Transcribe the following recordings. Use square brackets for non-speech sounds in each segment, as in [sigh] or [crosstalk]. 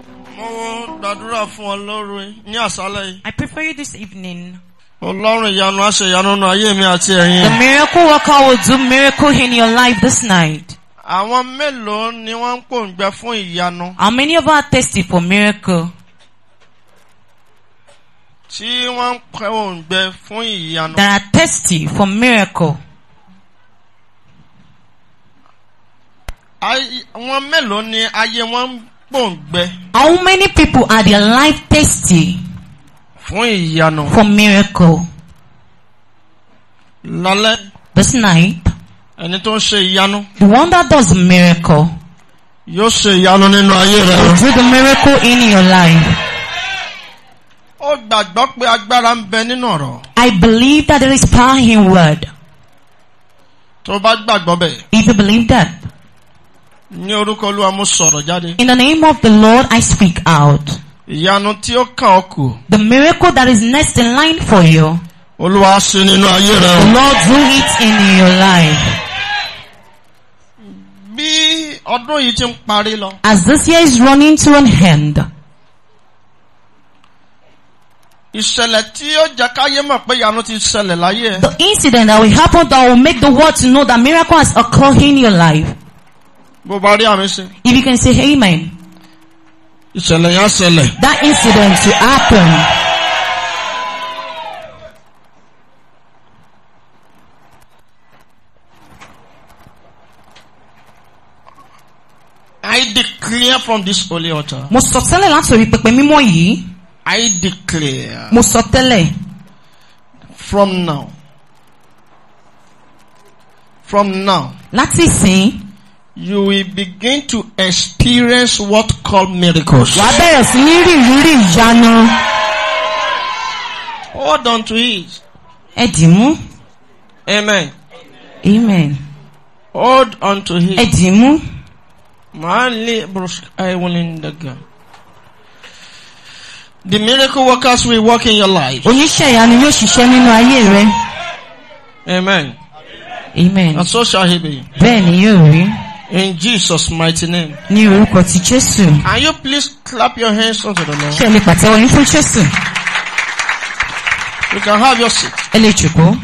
I prefer you this evening. Ọlọ́run ìyanu á ìyanu nínú ayé mi àti ẹ̀yin. The miracle worker will do miracle in your life this night. Àwọn mélòó ni wọ́n ń pòǹgbẹ fún ìyanu? How many of us thirsty for miracle? Tí wọ́n ń pòǹgbẹ fún ìyanu. That are thirsty for miracle. Àwọn mélòó ni ayé wọn ń how many people are their life tasty. fún ìyanu. for miracle. lálẹ́. verse nine. ẹni the one that does miracle. yóò do the miracle in your life. I believe that there is power in word. Tó If you believe that. Ní orúkọ Olúwa mo sọ̀rọ̀ jáde. In the name of the Lord I speak out. Ìyanu tí ó kàn ọ́ kù. The miracle that is next in line for you. Olúwa ṣe nínú ayé rẹ. The Lord do it in your life. Bí ọdún yìí ti ń parí lọ. As this year is running to an end. Ìṣẹ̀lẹ̀ tí ó jẹ́ káyé mọ̀ pé ìyanu ti ṣẹlẹ̀ láyé. The incident that will happen that will make the world to know that miracle has occurred in your life bó bá if you can say amen. ìṣẹ̀lẹ̀ yẹn ṣẹlẹ̀. that incident to happen. I declare from this holy altar. Mo sọ tẹ́lẹ̀ látòrí pẹpẹ mímọ́ yìí. I declare. Mo sọ tẹ́lẹ̀. From now. From now. Láti sìn you will begin to experience what called miracles. wà á bẹ̀rẹ̀ sí ní rìrírí ìyanu. hold on to it. ẹ dì mú. amen. amen. hold on to it. ẹ dì mú. màá lé bruce aiwolin dagan. The miracle workers will work in your life. Oníṣẹ́ ìyanu yóò ṣiṣẹ́ nínú ayé rẹ. Amen. Amen. And so shall he be. Bẹ́ẹ̀ ni yóò rí. In Jesus' mighty name. Ní orúkọ ti Jésù. Are you please clap your hands unto the Lord? Ṣé ẹ lè pàtẹ́wọ́ yín fún Jésù? You can have your seat. Ẹ lè jòkó.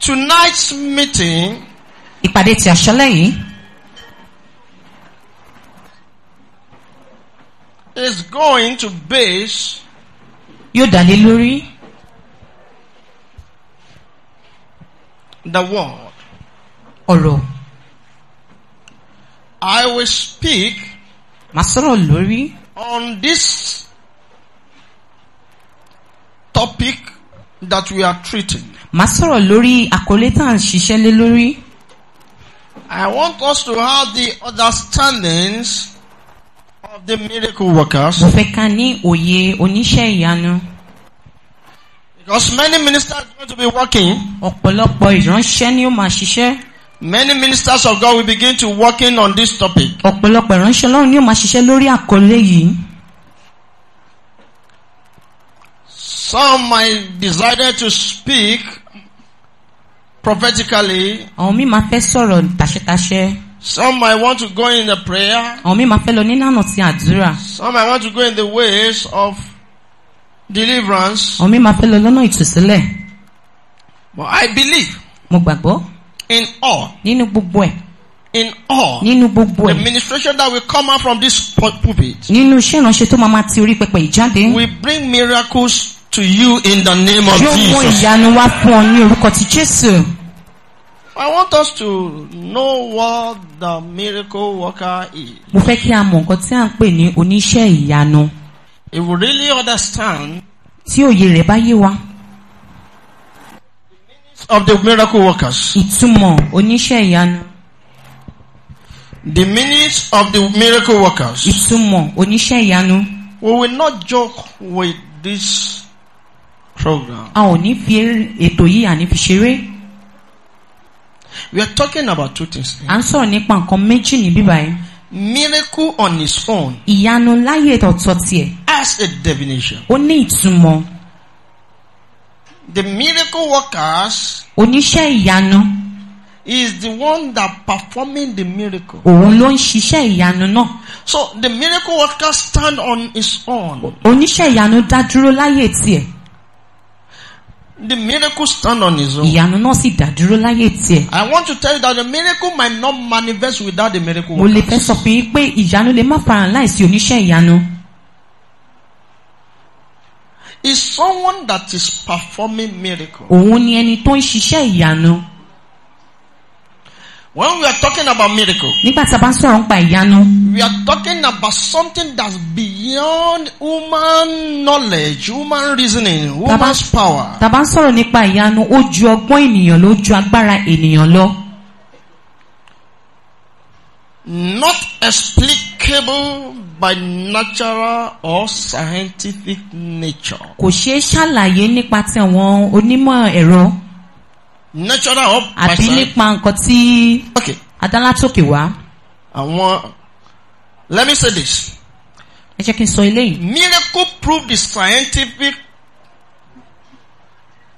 Tonight's meeting. Ìpàdé ti àṣálẹ́ yìí. Is going to base. Yóò dá lé lórí. The word. Ọ̀rọ̀. I will speak. Màá sọ̀rọ̀ On this topic that we are treating. Màá sọ̀rọ̀ lórí àkọlé tá à ń I want us to have the understandings of the miracle workers. Mo fẹ́ ká ní òye oníṣẹ́ ìyanu. Because many ministers are going to be working. Ọ̀pọ̀lọpọ̀ ìránṣẹ́ ni ó máa ṣiṣẹ́. Many ministers of God will begin to working on this topic. Ọ̀pọ̀lọpọ̀ ìránṣẹ́ Ọlọ́run ni yóò máa ṣiṣẹ́ lórí àkọlé yìí. Some might decided to speak prophetically. Àwọn mi máa fẹ́ sọ̀rọ̀ tàṣẹtàṣẹ. Some might want to go in the prayer. Àwọn mi máa fẹ́ lọ nínú àná ti àdúrà. Some might want to go in the ways of deliverance. Àwọn mi máa fẹ́ lọ lọ́nà ìtúsílẹ̀. But I believe. Mo gbàgbọ́. In all. Nínú gbogbo ẹ̀. In all. Nínú gbogbo ẹ̀. The ministration that will come out from this pulpit. Nínú iṣẹ́ ìránṣẹ́ tó máa ma ti orí pẹpẹ ìjáde. Will bring miracles to you in the name of Jesus. Yóò mú ìyanu wá fún ọ ní orúkọ ti Jésù. I want us to know what the miracle worker is. Mo fẹ́ kí a mọ̀ nǹkan tí à ń pè ní oníṣẹ́ ìyanu. If we really understand. Tí òye rẹ̀ bá yé wa of the miracle workers. Ìtumọ̀ oníṣẹ́ ìyanu. The minutes of the miracle workers. Ìtumọ̀ oníṣẹ́ ìyanu. We will not joke with this program. A ò ní fi ètò yìí àní fi ṣeré. We are talking about two things. À ń sọ̀rọ̀ nípa nǹkan méjì ní bíbá Miracle on its own. Ìyanu láyé ọ̀tọ̀ tiẹ̀. As a definition. Ó ní ìtumọ̀. The miracle workers. Oníṣẹ́ ìyanu. Is the one that performing the miracle. Òun ló ń ṣiṣẹ́ ìyanu náà. So the miracle worker stand on his own. Oníṣẹ́ ìyanu dá dúró láyé tiẹ̀. The miracle stand on his own. Ìyanu náà sì dá dúró láyé tiẹ̀. I want to tell you that the miracle might not manifest without the miracle workers. Mo lè fẹ́ sọ fún yín pé ìyanu lè má farahàn láìsí oníṣẹ́ ìyanu is someone that is performing miracle. Òun ni ẹni tó ń ṣiṣẹ́ ìyanu. When we are talking about miracle. Nígbà tí a bá ń sọ̀rọ̀ nípa ìyanu. We are talking about something that's beyond human knowledge, human reasoning, human power. Tàbá ń sọ̀rọ̀ nípa ìyanu, ó ju ọgbọ́n ènìyàn lọ, ó ju agbára ènìyàn lọ not explicable by natural or scientific nature. Kò ṣeé ṣàlàyé nípa ti àwọn onímọ̀ ẹ̀rọ. Natural or by science. Àbí nípa nǹkan tí. Okay. Adálátòkè wá. Àwọn let me say this. Ẹ jẹ́ kí n sọ eléyìí. Miracle prove the scientific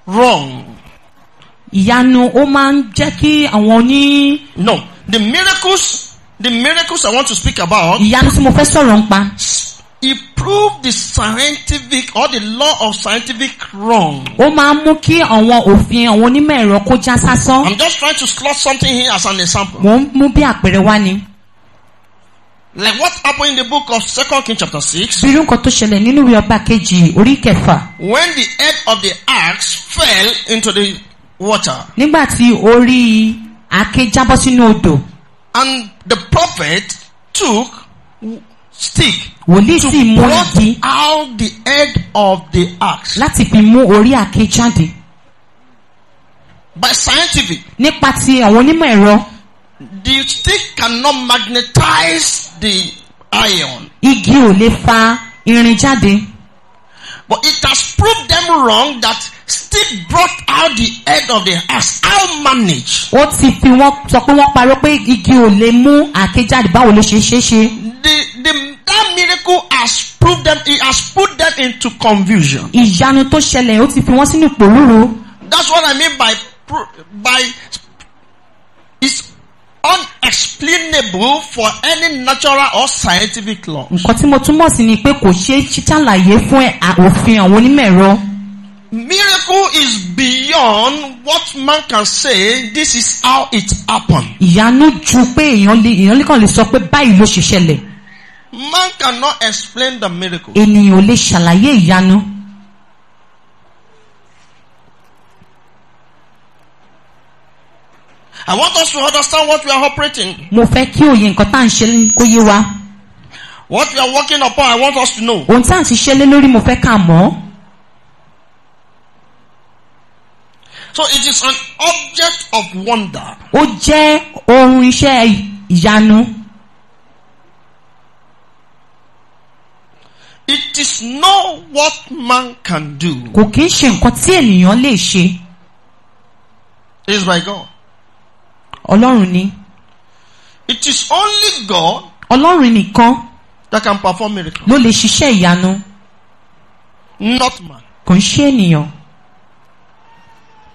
wrong. Ìyanu ó máa ń jẹ́ kí àwọn oní. No, the miracles The miracles I want to speak about. Ìyanu tí mo fẹ́ sọ̀rọ̀ ń pa. He proved the scientific or the law of scientific wrong. Ó máa ń mú kí àwọn òfin àwọn onímọ̀ ẹ̀rọ kó já sásán. I'm just trying to slot something here as an example. Mo ń mú bí àpẹẹrẹ wá ni. Like what happened in the book of Second King chapter six. Bírú nǹkan tó ṣẹlẹ̀ nínú ìwé ọba kejì orí kẹfà. When the head of the axe fell into the water. Nígbà tí orí àáké sínú odò. And the prophet took stick to pour out the head of the axe. láti fi mú orí àké jáde. by scientific. nípa ti àwọn onímọ̀ ẹ̀rọ. the stick cannot magnetize the iron. igi ò lè fa irin jáde. But it has proved them wrong that Steve brought out the head of the ass. How manage? Wọ́n ti fi wọ́n sọ pé wọ́n parọ́ pé igi ò lè mú àáké jáde báwo ló ṣe ṣe ṣe. The the that miracle has proved them it has put them into confusion. Ìyanu tó ṣẹlẹ̀ ó ti fi wọ́n sínú ìpòrúru. That's what I mean by by it's unexplainable for any natural or scientific law. nǹkan tí mo túmọ̀ sí ni pé kò ṣeé ṣàlàyé fún òfin àwọn onímọ̀ ẹ̀rọ. Miracle is beyond what man can say this is how it happened. Ìyanu ju pé èèyàn lè èèyàn kan lè sọ pé báyìí ló ṣe ṣẹlẹ̀. Man cannot explain the miracle. Ènìyàn ò lè ṣàlàyé ìyanu. I want us to understand what we are operating. Mo fẹ́ kí òye nǹkan tá à ń ṣe kó yé wa. What we are working upon, I want us to know. Ohun tá à ń ṣiṣẹ́ lé lórí mo fẹ́ ká mọ̀. So it is an object of wonder. Ó jẹ́ ohun iṣẹ́ ìyanu. It is no what man can do. Kò kí ń ṣe nǹkan tí ènìyàn lè ṣe. It is by God. Ọlọ́run ni. It is only God. Ọlọ́run nìkan. That can perform miracles. Ló lè ṣiṣẹ́ ìyanu. Not man. Kò ń ṣe ènìyàn.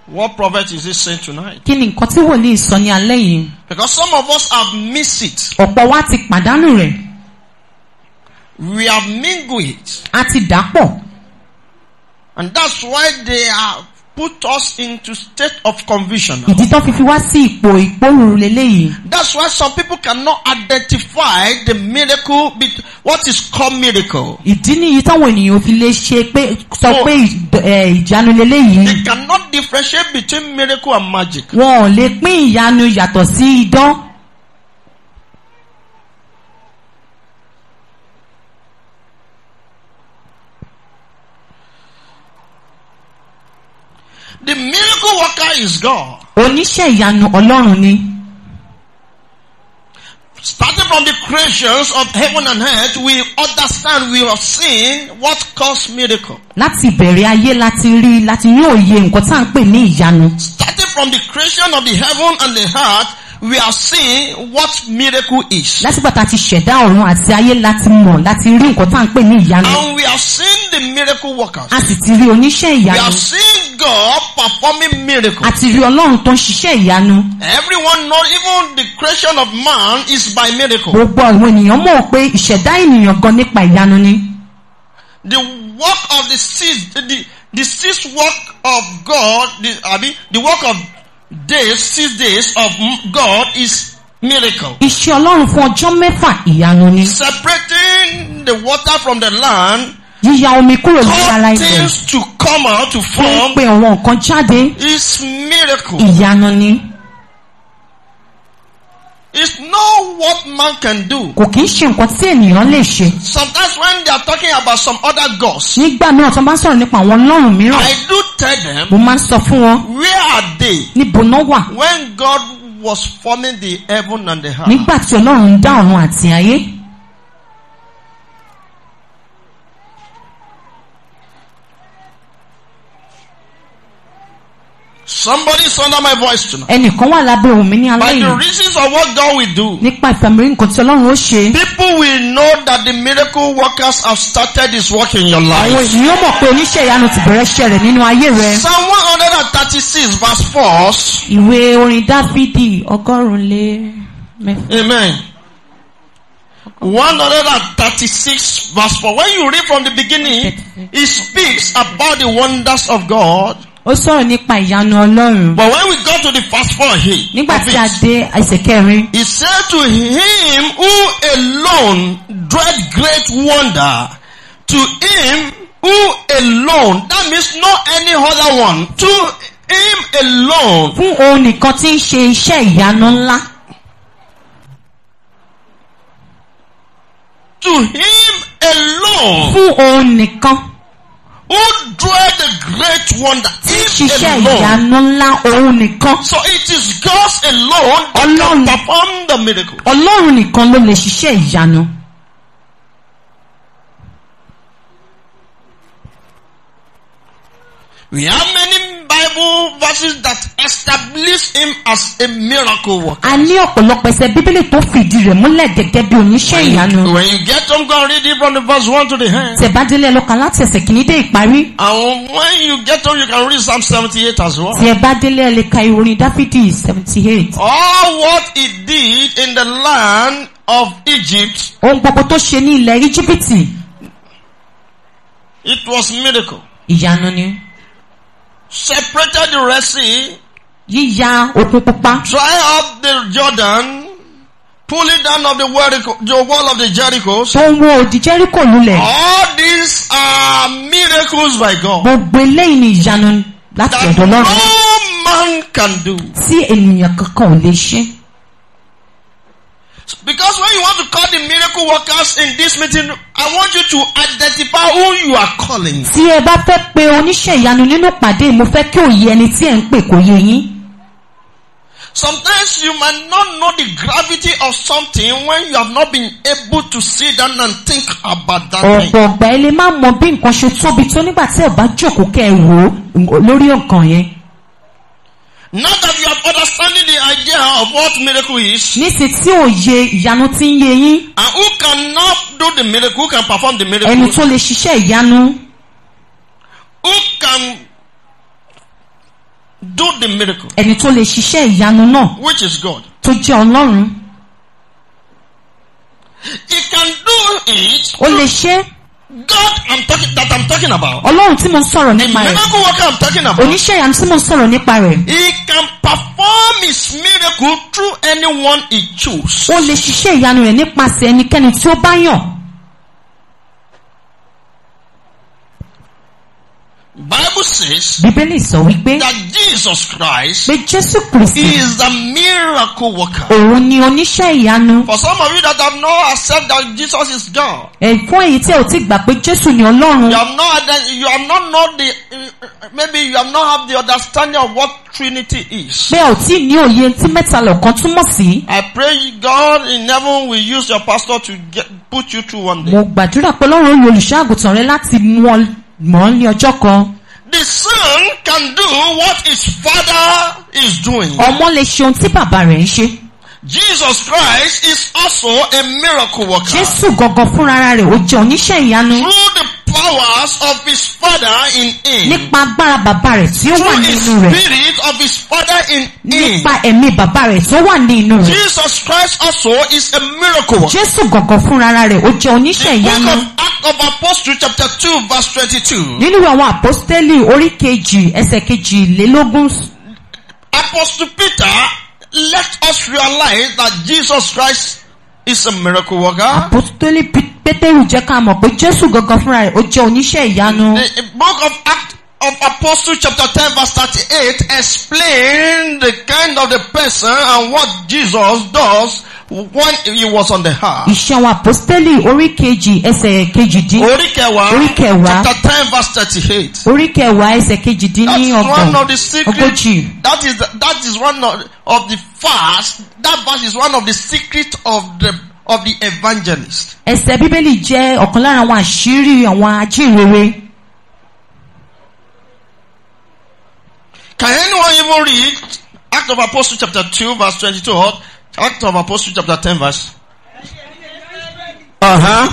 What prophet is he saying tonight? Kí ni nǹkan tí wòlíì sọ ní alẹ́ yìí? Because some of us have missed it. Ọ̀pọ̀ wa ti pàdánù rẹ̀. We have mingled it. A ti dàpọ̀. And that's why they are put us into state of conviction. Ìdí tó wá sí ipò ìpòrúru lélẹ́yìí. That's why some people cannot identify the miracle with what is called miracle. Ìdí nìyí táwọn ènìyàn fi lè ṣe pé sọ pé ìjánu lélẹ́yìí. They cannot differentiate between miracle and magic. Wọn ò lè pín ìyanu yàtọ̀ sí idán. The miracle worker is God. Oníṣẹ́ ìyanu Ọlọ́run ni. Starting from the creations of heaven and earth, we understand, we have seen what caused miracle. Láti ìbẹ̀rẹ̀ ayé láti rí láti rí òye nǹkan tá à ń pè ní ìyanu. Starting from the creation of the heaven and the earth, we are seeing what miracle is. lásìkò tá a ti ṣẹ̀dá ọ̀run àti ayé láti mọ̀ láti rí nǹkan tá à ń pè ní ìyanu. and we are seeing the miracle workers. a sì ti rí oníṣẹ́ ìyanu. we are seeing God performing miracles. a ti rí ọlọ́run tó ń ṣiṣẹ́ ìyanu. everyone know even the creation of man is by miracle. gbogbo àwọn ènìyàn mọ̀ pé ìṣẹ̀dá ènìyàn gan nípa ìyanu ni. the work of the seed the the sixth work of God the abi the work of days six days of God is miracle. Iṣẹ́ Ọlọ́run fún ọjọ́ mẹ́fà ìyanu ni. Separating the water from the land. Yíya omi kúrò ní ara ilẹ̀. things to come out to form. Ó ń pe àwọn nǹkan jáde. Is miracle. Ìyanu ni. It's not what man can do. Kò kìí ṣe nǹkan tí ènìyàn lè ṣe. Sometimes when they are talking about some other gods. Nígbà mìíràn tó bá ń sọ̀rọ̀ nípa àwọn ọlọ́run mìíràn. I do tell them. Mo máa ń sọ fún wọn. Where are they? Níbo náà wà? When God was forming the heaven and the earth. Nígbà tí Ọlọ́run dá ọ̀run àti ayé. Somebody is under my voice tonight. Ẹnìkan wà lábẹ́ ohùn ní alẹ́ yìí. By the reasons of what God will do. Nípa ìfàmìlì nǹkan tí Ọlọ́run ó ṣe. People will know that the miracle workers have started this work in your life. Àwọn ènìyàn mọ̀ pé oníṣẹ́ ìyanu ti bẹ̀rẹ̀ iṣẹ́ rẹ̀ nínú ayé rẹ̀. Psalm one hundred and thirty-six verse four. Ìwé orin Dáfídì ọgọ́rùn-ún lé mẹ́fà. Amen. One hundred and thirty-six verse four. When you read from the beginning, it speaks about the wonders of God ó sọ̀rọ̀ nípa ìyanu Ọlọ́run. but when we got to the first four here nígbà tí a dé ẹsẹ̀ kẹrin. he said to him who alone dread great wonder to him who alone that means no any other one to him alone. fún òun nìkan tí ń ṣe iṣẹ́ ìyanu ńlá. to him alone. fún òun nìkan. Who drew the great wonder? Tí ṣiṣẹ́ ìyanu ńlá òun nìkan. So it is God alone that can perform the miracle. Ọlọ́run nìkan ló lè ṣiṣẹ́ ìyanu. We have many Bible verses that establish him as a miracle worker. A ní ọ̀pọ̀lọpọ̀ ẹsẹ̀ Bíbélì tó fìdí rẹ̀ múlẹ̀ gẹ́gẹ́ bí oníṣẹ́ ìyanu. When you get home, go and read it from the verse one to the end. Tẹ̀bádélé ẹlọ́ka láti ẹsẹ̀ kìíní dé ìparí. And when you get home, you can read Psalm seventy-eight as well. Tẹ̀bádélé ẹlẹ́ka ìròyìn Dáfídì seventy-eight. All what he did in the land of Egypt. Ohun gbogbo tó ṣe ní ilẹ̀ Íjíbítì. It was miracle. Ìyanu ni separated the Red Sea. Yíya òkun pupa. Dry up the Jordan. pull it down of the wall, the wall of the Jericho. Tó ń wo òdì Jericho lulẹ̀. All these are miracles by God. Gbogbo eléyìí ni ìyanu láti ọ̀dọ̀ Ọlọ́run. That no man can do. Tí ènìyàn kankan ò lè ṣe. Because when you want to call the miracle workers in this meeting, I want you to identify who you are calling. Tí ẹ bá fẹ́ pe oníṣẹ́ ìyanu nínú pàdé, mo fẹ́ kí òye ẹni tí ẹ ń pè kó yé yín. Sometimes you might not know the gravity of something when you have not been able to sit down and think about that thing. Ọ̀pọ̀ ọ̀gbà ẹ lè má mọ bí nǹkan ṣe tóbi tó nígbà tí ẹ bá jókòó kẹ́ ẹ wò ó lórí nǹkan yẹn. Now that you have understanding the idea of what miracle is. Nísì tí òye ìyanu ti ń yé yín. And who can now do the miracle? Who can perform the miracle? Ẹni tó lè ṣiṣẹ́ ìyanu. Who can do the miracle? Ẹni tó lè ṣiṣẹ́ ìyanu náà. Which is God. Tó jẹ́ Ọlọ́run. He can do it. Ó lè ṣe é. God I'm talking that I'm talking about. Ọlọ́run tí mo ń sọ̀rọ̀ nípa rẹ̀. The miracle worker I'm talking about. Oníṣẹ́ ìyanu tí mo ń sọ̀rọ̀ nípa rẹ̀. He can perform his miracle through anyone he choose. O lè ṣiṣẹ́ ìyanu rẹ̀ nípasẹ̀ ẹnikẹ́ni tí ó bá yàn. Bible says Bíbélì sọ wípé that Jesus Christ pé Jésù Kristi is the miracle worker. Òun ni oníṣẹ́ ìyanu. For some of you that have not accept that Jesus is God. Ẹ fún èyí tí ò ti gbà pé Jésù ni Ọlọ́run. You have not you have not know the maybe you have not have the understanding of what Trinity is. Bẹ́ẹ̀ ò tí ní òye tí mẹ́ta lọ́kan túmọ̀ sí. I pray God in heaven will use your pastor to get, put you through one day. Mo gbàdúrà pé Ọlọ́run olùṣọ́ àgùntàn rẹ láti mú ọ mọ́ ní ọjọ́ kan. The son can do what his father is doing. Ọmọ lè ṣe ohun tí bàbá rẹ̀ ń ṣe. Jesus Christ is also a miracle worker. Jésù gangan fúnra rẹ̀ ó jẹ́ oníṣẹ́ ìyanu. Through the powers of his father in him. Nípa agbára bàbá rẹ̀ tí ó wà nínú rẹ̀. Through the spirit of his father in him. Nípa ẹ̀mí bàbá rẹ̀ tí wà ní inú rẹ̀. Jesus Christ also is a miracle. Jésù gọ̀gọ̀ fúnra rẹ̀ ó jẹ́ oníṣẹ́ ìyanu. The book of Acts of Apostles chapter two verse twenty-two. Nínú àwọn àpọ́stélì orí kejì ẹsẹ̀ kejìlélógún. Apostle Peter let us realize that Jesus Christ is a miracle worker. Apostoli Peter pétérù jẹ́ ká mọ̀ pé jésù gangan fúnra rẹ̀ ó jẹ́ oníṣẹ́ ìyanu. the book of act of apostles chapter ten verse thirty-eight explain the kind of the person and what jesus does when he was on the earth. ìṣẹ̀wọ̀n àpọ́stẹ́lì orí kejì ẹsẹ̀ kejìdín. orí kẹwàá orí kẹwàá chapter ten verse thirty-eight. orí kẹwàá ẹsẹ̀ kejìdín ní ọgbọ̀n ogójì. that's one of the secret that is that is one of, of the fast that verse is one of the secret of the of the evangelist. Ẹsẹ̀ Bíbélì jẹ́ ọ̀kan lára àwọn àṣírí àwọn ajínrere. Can anyone even read Act of Apostles chapter two verse twenty-two or Act of Apostles chapter ten verse? Uh huh.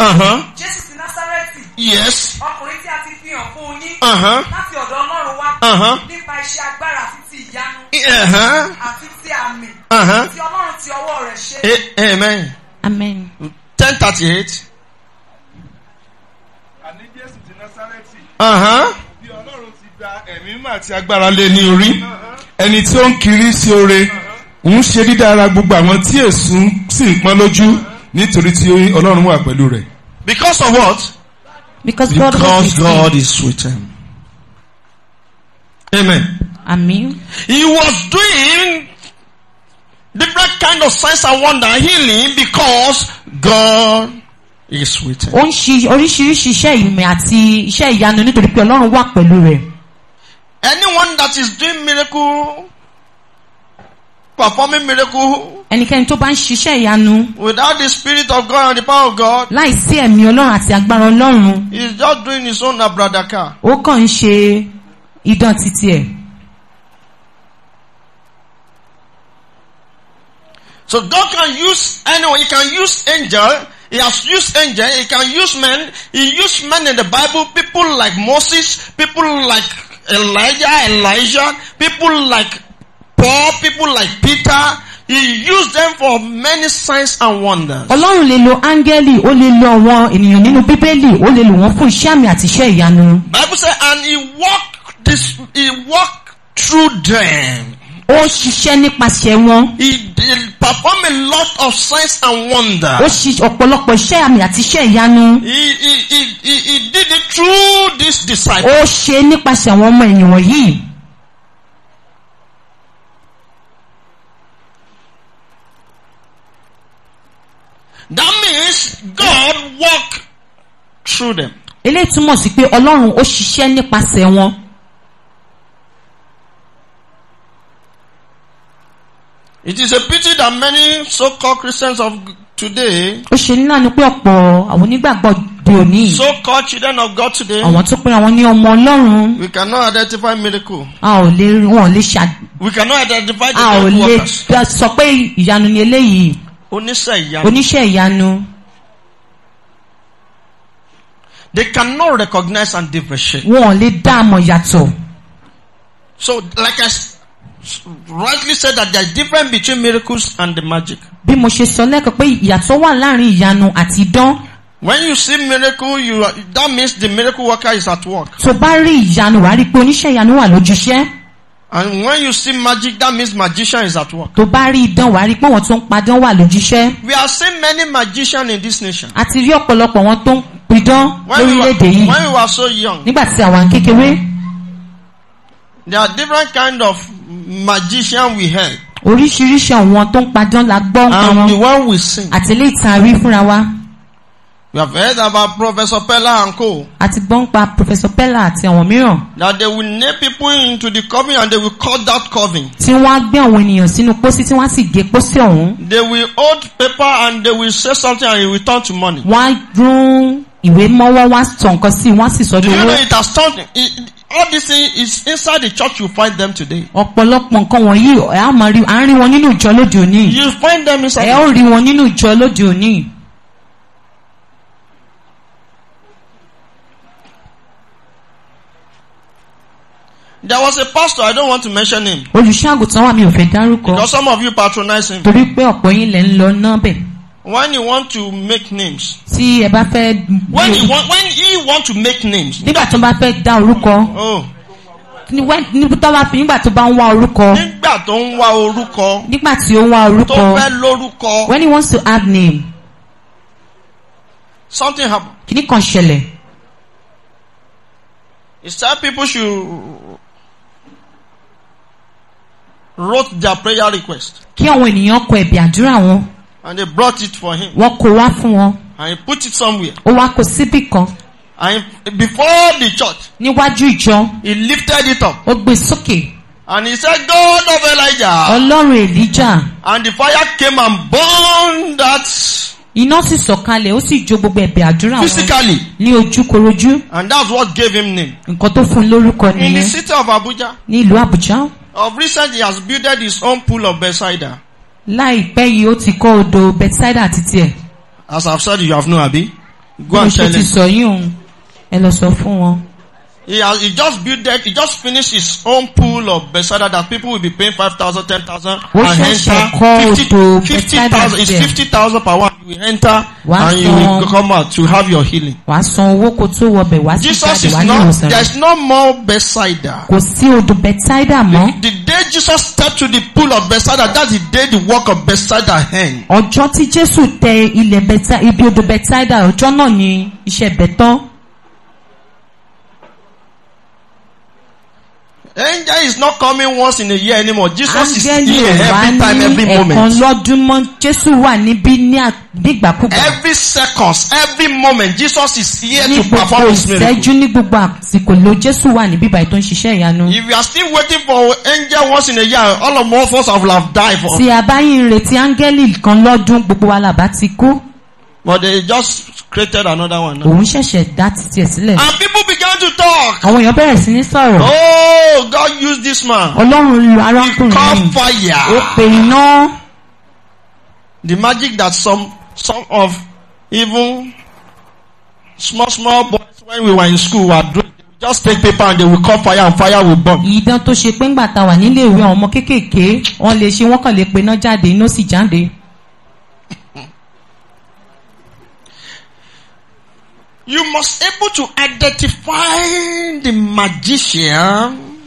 Uh huh. ti Násárẹ́tì. Yes. Ọkùnrin tí a ti fi hàn fún yín. Uh-huh. Láti ọ̀dọ̀ Ọlọ́run wá. Uh-huh. Nípa iṣẹ́ agbára àti ti ìyanu. Uh-huh. Àti ti àmì tí ọlọ́run ti ọwọ́ rẹ̀ ṣe. Eh, eh, amen. amen. ten thirty eight. àní jésù ti násárẹ́tì. bí ọlọ́run ti gba ẹ̀mí mà ti agbára lé ní orí ẹni tí ó ń kiri sí oore ń ṣe dídára gbogbo àwọn tí èsùn sì ń pọ́n lójú nítorí tí ọlọ́run wà pẹ̀lú rẹ̀. because of what. because God, because God is with him. amen. amen. he was doing different kind of signs and wonder healing because God is with him. ó oríṣiríṣi iṣẹ́ ìmì àti iṣẹ́ ìyanu nítorí pé Ọlọ́run wà pẹ̀lú rẹ̀. anyone that is doing miracle performing miracle. ẹnikẹ́ni tó bá ń ṣiṣẹ́ ìyanu. without the spirit of God and the power of God. láìsí ẹ̀mí Ọlọ́run àti agbára Ọlọ́run. he is just doing his own abradaka. ó kàn ń ṣe idán títí ẹ̀. So God can use anyone. He can use angel. He has used angel. He can use men. He used men in the Bible. People like Moses. People like Elijah. Elijah. People like Paul. People like Peter. He used them for many signs and wonders. Ọlọ́run lè lo áńgẹ́lì, ó lè lo àwọn ènìyàn nínú Bíbélì, ó lè lò wọ́n fún iṣẹ́ àmì àti iṣẹ́ ìyanu. Bible say and he walked this he walked through them. ó ṣiṣẹ́ nípasẹ̀ wọn. he did perform a lot of signs and wonders. ó ṣe ọ̀pọ̀lọpọ̀ iṣẹ́ àmì àti iṣẹ́ ìyanu. he he he he did it through this disciples. ó ṣe nípasẹ̀ àwọn ọmọ ènìyàn yìí. that means God walked through them. eléyìí túmọ̀ sí pé ọlọ́run ó ṣiṣẹ́ nípasẹ̀ wọn. It is a pity that many so-called Christians of today. Ó ṣe ní náà pé ọ̀pọ̀ àwọn onígbàgbọ́ di òní. So-called children of God today. Àwọn tó pé àwọn ní ọmọ Ọlọ́run. We cannot identify miracle. A ò lè wọn lè ṣá. We cannot identify the miracle workers. A ò lè sọ pé ìyanu ni eléyìí. Oníṣẹ́ ìyanu. Oníṣẹ́ ìyanu. They cannot recognize and differentiate. Wọn lè dá àmọ̀ yàtọ̀. So like I rightly said that there is difference between miracles and the magic. bí mo ṣe sọ lẹ́kọ̀ọ́ pé ìyàtọ̀ wà láàrin ìyanu àti idán. When you see miracle, you are, that means the miracle worker is at work. Tó bá rí ìyanu, wàá rí pé oníṣẹ́ ìyanu wà lójúṣẹ́. And when you see magic, that means magician is at work. Tó bá rí idán, wàá rí pé wọ́n tó ń padán wà lójúṣẹ́. We have seen many magicians in this nation. A ti rí ọ̀pọ̀lọpọ̀ wọn tó ń pidán lórílẹ̀‐èdè yìí. When we were so young. Nígbà tí àwa kékeré. There are different kind of magician we heard. oríṣiríṣi àwọn tó ń padán la gbọ́ nǹkan wọn. and the one we sing. àti ilé ìtàn rí fúnra wa. We have heard about Professor Pella and co. Àti pa Professor Pella àti àwọn mìíràn. That they will name people into the coven and they will cut that coven. Tí wọ́n á gbé àwọn ènìyàn sínú pósí tí wọ́n á sì gé pósí ọ̀hún. They will hold paper and they will say something and it will turn to money. Wọ́n á dún ìwé mọ́wọ́ wọ́n á tọ̀ nǹkan sí i wọ́n á sì sọ owó. Do you know it has turned All this things is inside the church you find them today. Ọ̀pọ̀lọpọ̀ nǹkan wọ̀nyí ẹ̀ máa rí à ń rí wọn nínú ìjọ lóde òní. You find them inside. Ẹ ó rí wọn nínú ìjọ lóde òní. There was a pastor, I don't want to mention him. Olùṣọ́ àgùntàn wa mi ò fẹ́ dárúkọ. Because some of you patronize him. Torí pé ọ̀pọ̀ yín lẹ̀ ń lọ náà bẹ̀ when you want to make names. tí ẹ bá fẹ́. when you want when he want to make names. nígbà tó bá fẹ́ dá orúkọ. oh níbi tó bá fi nígbà tó bá ń wá orúkọ. nígbà tó ń wá orúkọ. nígbà tí ó ń wá orúkọ. tó fẹ́ lórúkọ. when he wants to add name. something happen. kìíní kan ṣẹlẹ̀. he said people should wrote their prayer request. kí àwọn ènìyàn kọ ẹ̀bì àdúrà wọn and they brought it for him. wọ́n kó wá fún wọn. and he put it somewhere. ó wá kó síbì kan. and before the church. níwájú ìjọ. he lifted it up. ó gbé sókè. And he said, God of Elijah. Ọlọ́run Elijah. And the fire came and burned that. Iná sì sọ̀kalẹ̀, ó sì jó gbogbo ẹ̀bẹ̀ àdúrà wọn. Physically. Ní ojúkorojú. And that's what gave him name. Nǹkan tó fún un lórúkọ nìyẹn. In the city of Abuja. Ní ìlú Abuja. Of recent he has builded his own pool of Bethsaida láìpẹ́ yìí ó ti kọ́ odò Bethsaida àti tiẹ̀. as i have said you have no abi. go and tell them. mo ti sọ yín òun ẹ lọ sọ fún wọn. He has he just built that he just finished his own pool of Bethesda that people will be paying five thousand, ten thousand, and enter fifty fifty thousand. It's fifty thousand per one. You will enter and you will come out to have your healing. Wàá san owó kó tó There is no more Bethesda. Kò The day Jesus stepped to the pool of Bethesda, that's the day the work of Bethesda ends. Angel is not coming once in a year anymore. Jesus Angel is here every time, every moment. Ẹ̀kan lọ́dún mọ́, Jésù wà níbí ní nígbàkúgbà. Every seconds, every moment, Jesus is here to perform his miracle. Ní gbogbo ìṣẹ́jú ní gbogbo àsìkò Jésù wà níbí báyìí tó ṣiṣẹ́ ìyanu. If you are still waiting for angel once in a year, all of us will have died for. Tí a bá yín retí áńgẹ́lì kan lọ́dún, gbogbo wa làbá ti kú. But they just created another one. Òun ṣẹ̀ṣẹ̀ dá tiẹ̀ sílẹ̀. And people began to talk. Àwọn èèyàn bẹ̀rẹ̀ sí ní sọ̀rọ̀. Oh, God used this man. Ọlọ́run lo arákùnrin He called fire. Ó pè iná. The magic that some some of even small small boys when we were in school were doing just take paper and they will call fire and fire will burn. Ìdán tó ṣe pé ńgbà tá a wà nílé ìwé àwọn ọmọ kéékèèké, wọ́n lè ṣe wọ́n kàn lè pe iná jáde, iná sì jáde. You must able to identify the magician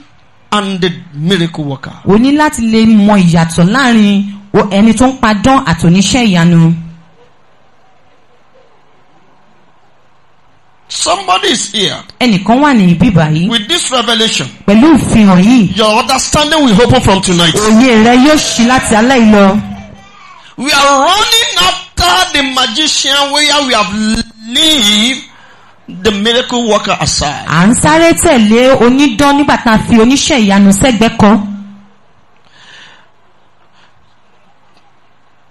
and the miracle worker. O ní láti lè mọ ìyàtọ̀ láàrin ẹni tó ń padán àtòníṣẹ́ ìyanu. Somebody is here. Ẹnìkan wà ní ibí báyìí. With this revelation. Pẹ̀lú ìfihàn yìí. Your understanding will open from tonight. Òye rẹ yóò ṣí láti alẹ́ yìí lọ. We are running after the magician where we have lived the miracle worker aside. à ń sáré tẹ̀lé onídán nígbà tá a fi oníṣẹ́ ìyanu sẹ́gbẹ́ kan.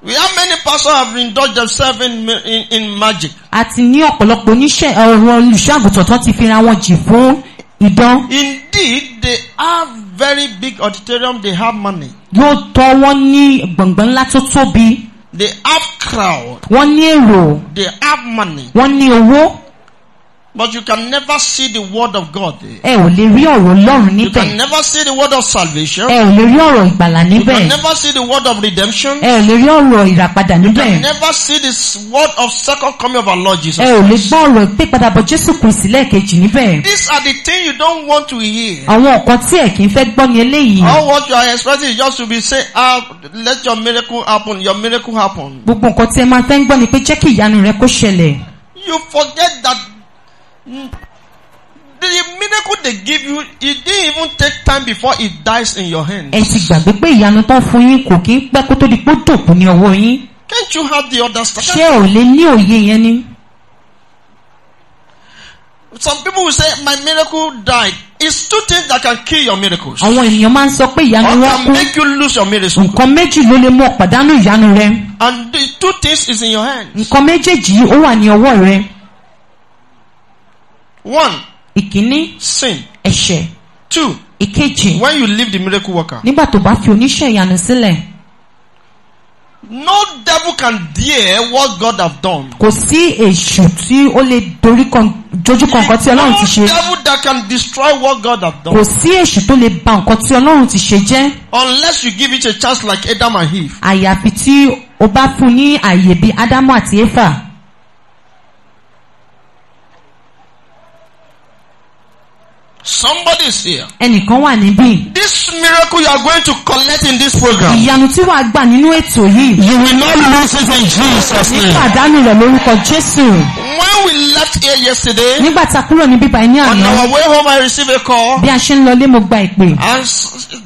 We have many pastors have indulged themselves in, in, in magic. Àti ní ọ̀pọ̀lọpọ̀ oníṣẹ́ ọ̀rọ̀ olùṣọ́àgùtàn tó ti fira wọn jì fún idán. Indeed, they have very big auditorium, they have money. Yóò tọ́ wọ́n ní gbọ̀ngbọ̀n ńlá tó tóbi. They have crowd. Wọ́n ní èrò. They have money. Wọ́n ní owó. But you can never see the word of God there. You can never see the word of salvation. You can never see the word of redemption. You can never see the word of second coming of our Lord Jesus Christ. These are the things you don't want to hear. Àwọn All what you are expecting is just to be say ah let your miracle happen your miracle happen. You forget that The miracle they give you, it didn't even take time before it dies in your hand. Ẹ ti gbàgbé pé ìyanu tán fún yín kò kí pẹ́ kó tó di pé ó dòkú ní ọwọ́ yín. Can't you have the understanding? Ṣé ò lè ní òye yẹn ni? Some people will say my miracle died. It's two things that can kill your miracles. Àwọn ènìyàn máa ń sọ pé ìyanu wọn kú. Or can make you lose your miracle. Nǹkan méjì ló lè mú ọ ìyanu rẹ. And the two things is in your hand. Nǹkan méjèèjì ó wà ní ọwọ́ rẹ one. ìkíní. sin. ẹ̀ṣẹ̀. two. ìkejì. when you leave the miracle worker. nígbà tó bá fi oníṣẹ́ ìyanu sílẹ̀. No devil can dare what God have done. Kò sí èṣù tí ó lè dorí kan jójú kan nǹkan tí Ọlọ́run ti ṣe. No devil that can destroy what God have done. Kò sí èṣù tó lè ba nǹkan tí Ọlọ́run ti ṣe jẹ́. Unless you give it a chance like Adam and Eve. Àyàfi tí o bá fún ní àyè bí Ádámù àti Éfà. Somebody is here. Ẹnìkan wà níbí. This miracle you are going to collect in this program. Ìyanu tí wàá gbà nínú ètò yìí. You will not lose it in Jesus name. Ní pàdánù rẹ̀ lórúkọ Jésù. When we left here yesterday. Nígbà tá a kúrò níbí báyìí ní àná. On our way home I received a call. Bí a ṣe ń lọlé mo gba ìpè. And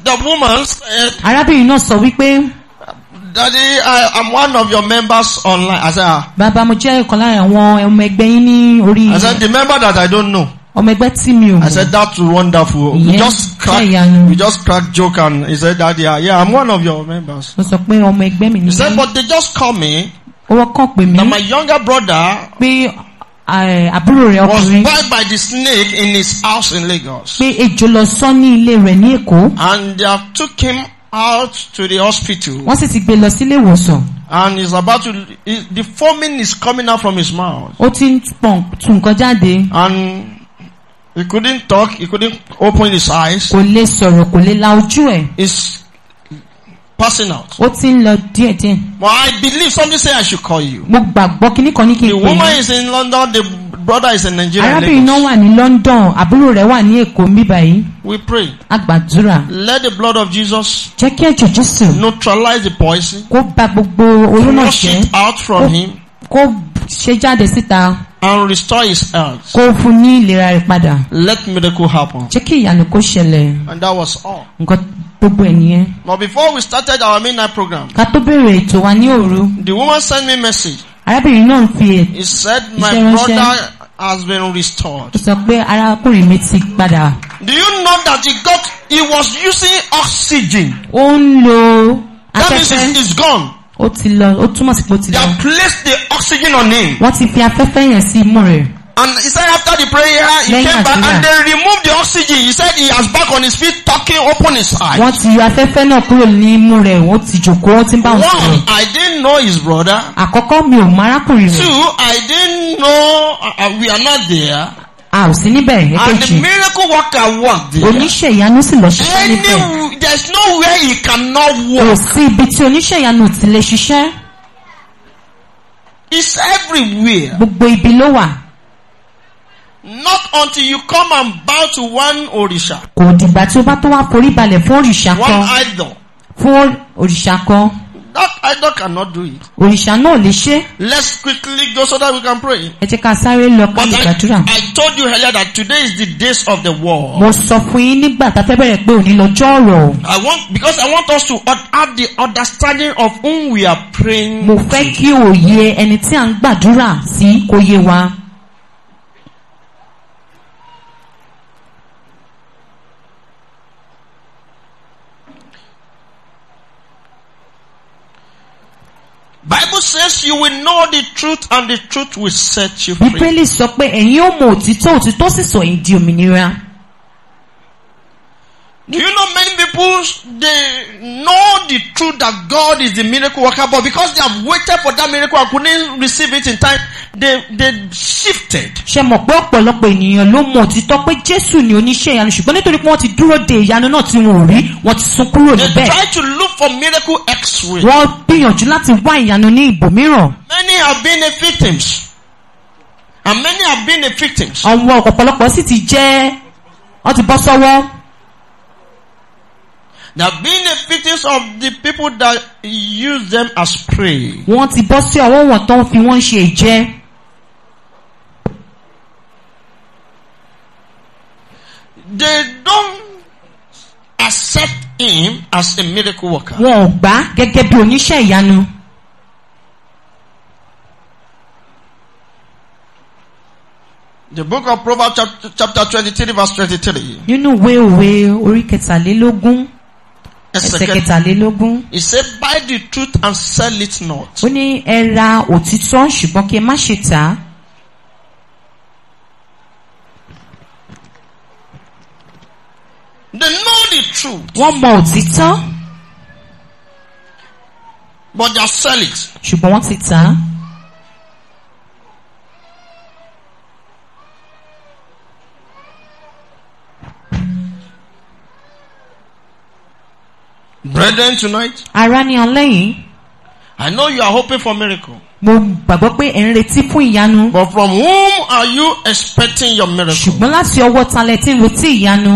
the woman said. Arábìnrin náà sọ wípé. Daddy, I am one of your members online. I said. Ah. Bàbá mo jẹ́ ìkan lára àwọn ọmọ ẹgbẹ́ yín ní orí. I said the member that I don't know ọmọ ẹgbẹ́ tí mi ò I said that's wonderful. Yes. We just crack we just crack joke and he said "Daddy, yeah, yeah I'm one of your members. Mo sọ pé ọmọ ẹgbẹ́ mi ni. He said but they just call me. Owó kan pè mí. That my younger brother. Pé eh, àbúrò rẹ̀ ọkùnrin. was bit by the snake in his house in Lagos. Pé ejò lọ sán ní ilé rẹ̀ ní Èkó. And they have took him out to the hospital. Wọ́n sì ti gbé lọ sílé ìwòsàn. And he's about to, he, the foaming is coming out from his mouth. Ó ti ń pọ̀n tún nǹkan jáde. And He couldn't talk, he couldn't open his eyes. Kò lè sọ̀rọ̀, kò lè la ojú ẹ̀. He's passing out. Ó ti ń lọ díẹ̀ díẹ̀. But I believe something say I should call you. Mo gbàgbọ́ kíní kan ní kí n pè é. The woman is in London, the brother is in Nigeria. Arábìnrin náà wà ní London, àbúrò rẹ̀ wà ní Èkó níbí báyìí. We pray. A gbàdúrà. Let the blood of Jesus. Jẹ́ kí ẹ̀jẹ̀ Jésù. Neutralize the poison. Kó bà gbogbo oyún jẹ́. Flush it out from him kó ṣe jáde síta. and restore his health. kó fún ní ìlera rẹ̀ padà. let miracle happen. jẹ́ kí ìyanu kó ṣẹlẹ̀. and that was all. nǹkan gbogbo ẹ̀ nìyẹn. but before we started our midnight program. ká tó bẹ̀rẹ̀ ètò wa ní òru. the woman sent me message. arábìnrin náà fi iṣẹ́ ránṣẹ́. he said my brother has been restored. sọ pé arákùnrin mi ti padà. do you know that he got he was using oxygen. ó ń lo that means it's gone ó ti lọ ó túmọ̀ sí pé ó ti lọ. they have placed the oxygen on him. wọ́n ti fi afẹ́fẹ́ yẹn sí imú rẹ̀. And he said after the prayer, he came back and they removed the oxygen. He said he has back on his feet, talking, open his eyes. Wọ́n ti yọ afẹ́fẹ́ náà kúrò ní imú rẹ̀, wọ́n ti jòkó, wọ́n ti bá wọn sọ̀rọ̀. One, I didn't know his brother. Àkọ́kọ́ mi ò mọ arákùnrin rẹ̀. Two, I didn't know uh, uh we are not there a ò sí níbẹ̀ èkejì. and the miracle worker worked there. oníṣẹ́ ìyanu sì lọ ṣiṣẹ́ níbẹ̀. he cannot work. kò sí ibi tí oníṣẹ́ ìyanu ti lè ṣiṣẹ́. it's everywhere. gbogbo ibi ló wà. Not until you come and bow to one òrìṣà. Kò dìgbà tí o bá tó wá forí balẹ̀ fún òrìṣà kan. One idol. Fún òrìṣà kan. That idol cannot do it. Òrìṣà náà lè ṣe. Let's quickly go so that we can pray. Ẹ jẹ́ ká sáré lọ ká lè But I, I told you earlier that today is the days of the war. Mo sọ fún yín nígbà tá a fẹ́ bẹ̀rẹ̀ pé òní lọ́jọ́ ọ̀rọ̀. I want because I want us to have the understanding of whom we are praying. Mo fẹ́ kí òye ẹni tí à ń gbàdúrà sí kó yé wa. Bible says you will know the truth and the truth will set you free. Bíbélì sọ pé ẹ̀yin ó mọ òtítọ́ òtítọ́ sì sọ yín di òmìnira. Do you know many people they know the truth that God is the miracle worker, but because they have waited for that miracle and couldn't receive it in time, they they shifted. Ṣé mọ̀ pé ọ̀pọ̀lọpọ̀ ènìyàn ló mọ̀ títọ́ pé Jésù ni oníṣẹ́ ìyanu ṣùgbọ́n nítorí pé wọ́n ti dúró de ìyanu náà tí wọn rí wọ́n ti sún kúrò níbẹ̀. They try to look for miracle x-ray. Wọ́n gbìyànjú láti wá ìyanu ní ibòmíràn. Many have been the victims and many have been the victims. Àwọn ọ̀pọ̀lọpọ̀ sì ti jẹ́ wọ́n bọ́ sọ́wọ́ that being the fittings of the people that use them as prey. wọ́n ti bọ́ sí ọwọ́ wọn tó ń fi wọ́n ṣe ìjẹ. they don't accept him as a miracle worker. wọn ò gbà gẹ́gẹ́ bí oníṣẹ́ ìyanu. The book of Proverbs chapter twenty-three verse twenty-three. Nínú ìwé òwe orí kẹtàlélógún ẹsẹ̀kẹtàlélógún. he said buy the truth and sell it not. ó ní ẹ ra òtítọ́ ṣùgbọ́n kí ẹ má ṣe tà á. they know the truth. wọ́n mọ òtítọ́. but they sell it. ṣùgbọ́n wọ́n ti tà á. Brethren tonight. Ará ní alẹ́ yìí. I know you are hoping for miracle. Mo gbàgbọ́ pé ẹ̀ ń retí fún ìyanu. But from whom are you expecting your miracle? Ṣùgbọ́n láti ọwọ́ talẹ̀ tí ń retí ìyanu.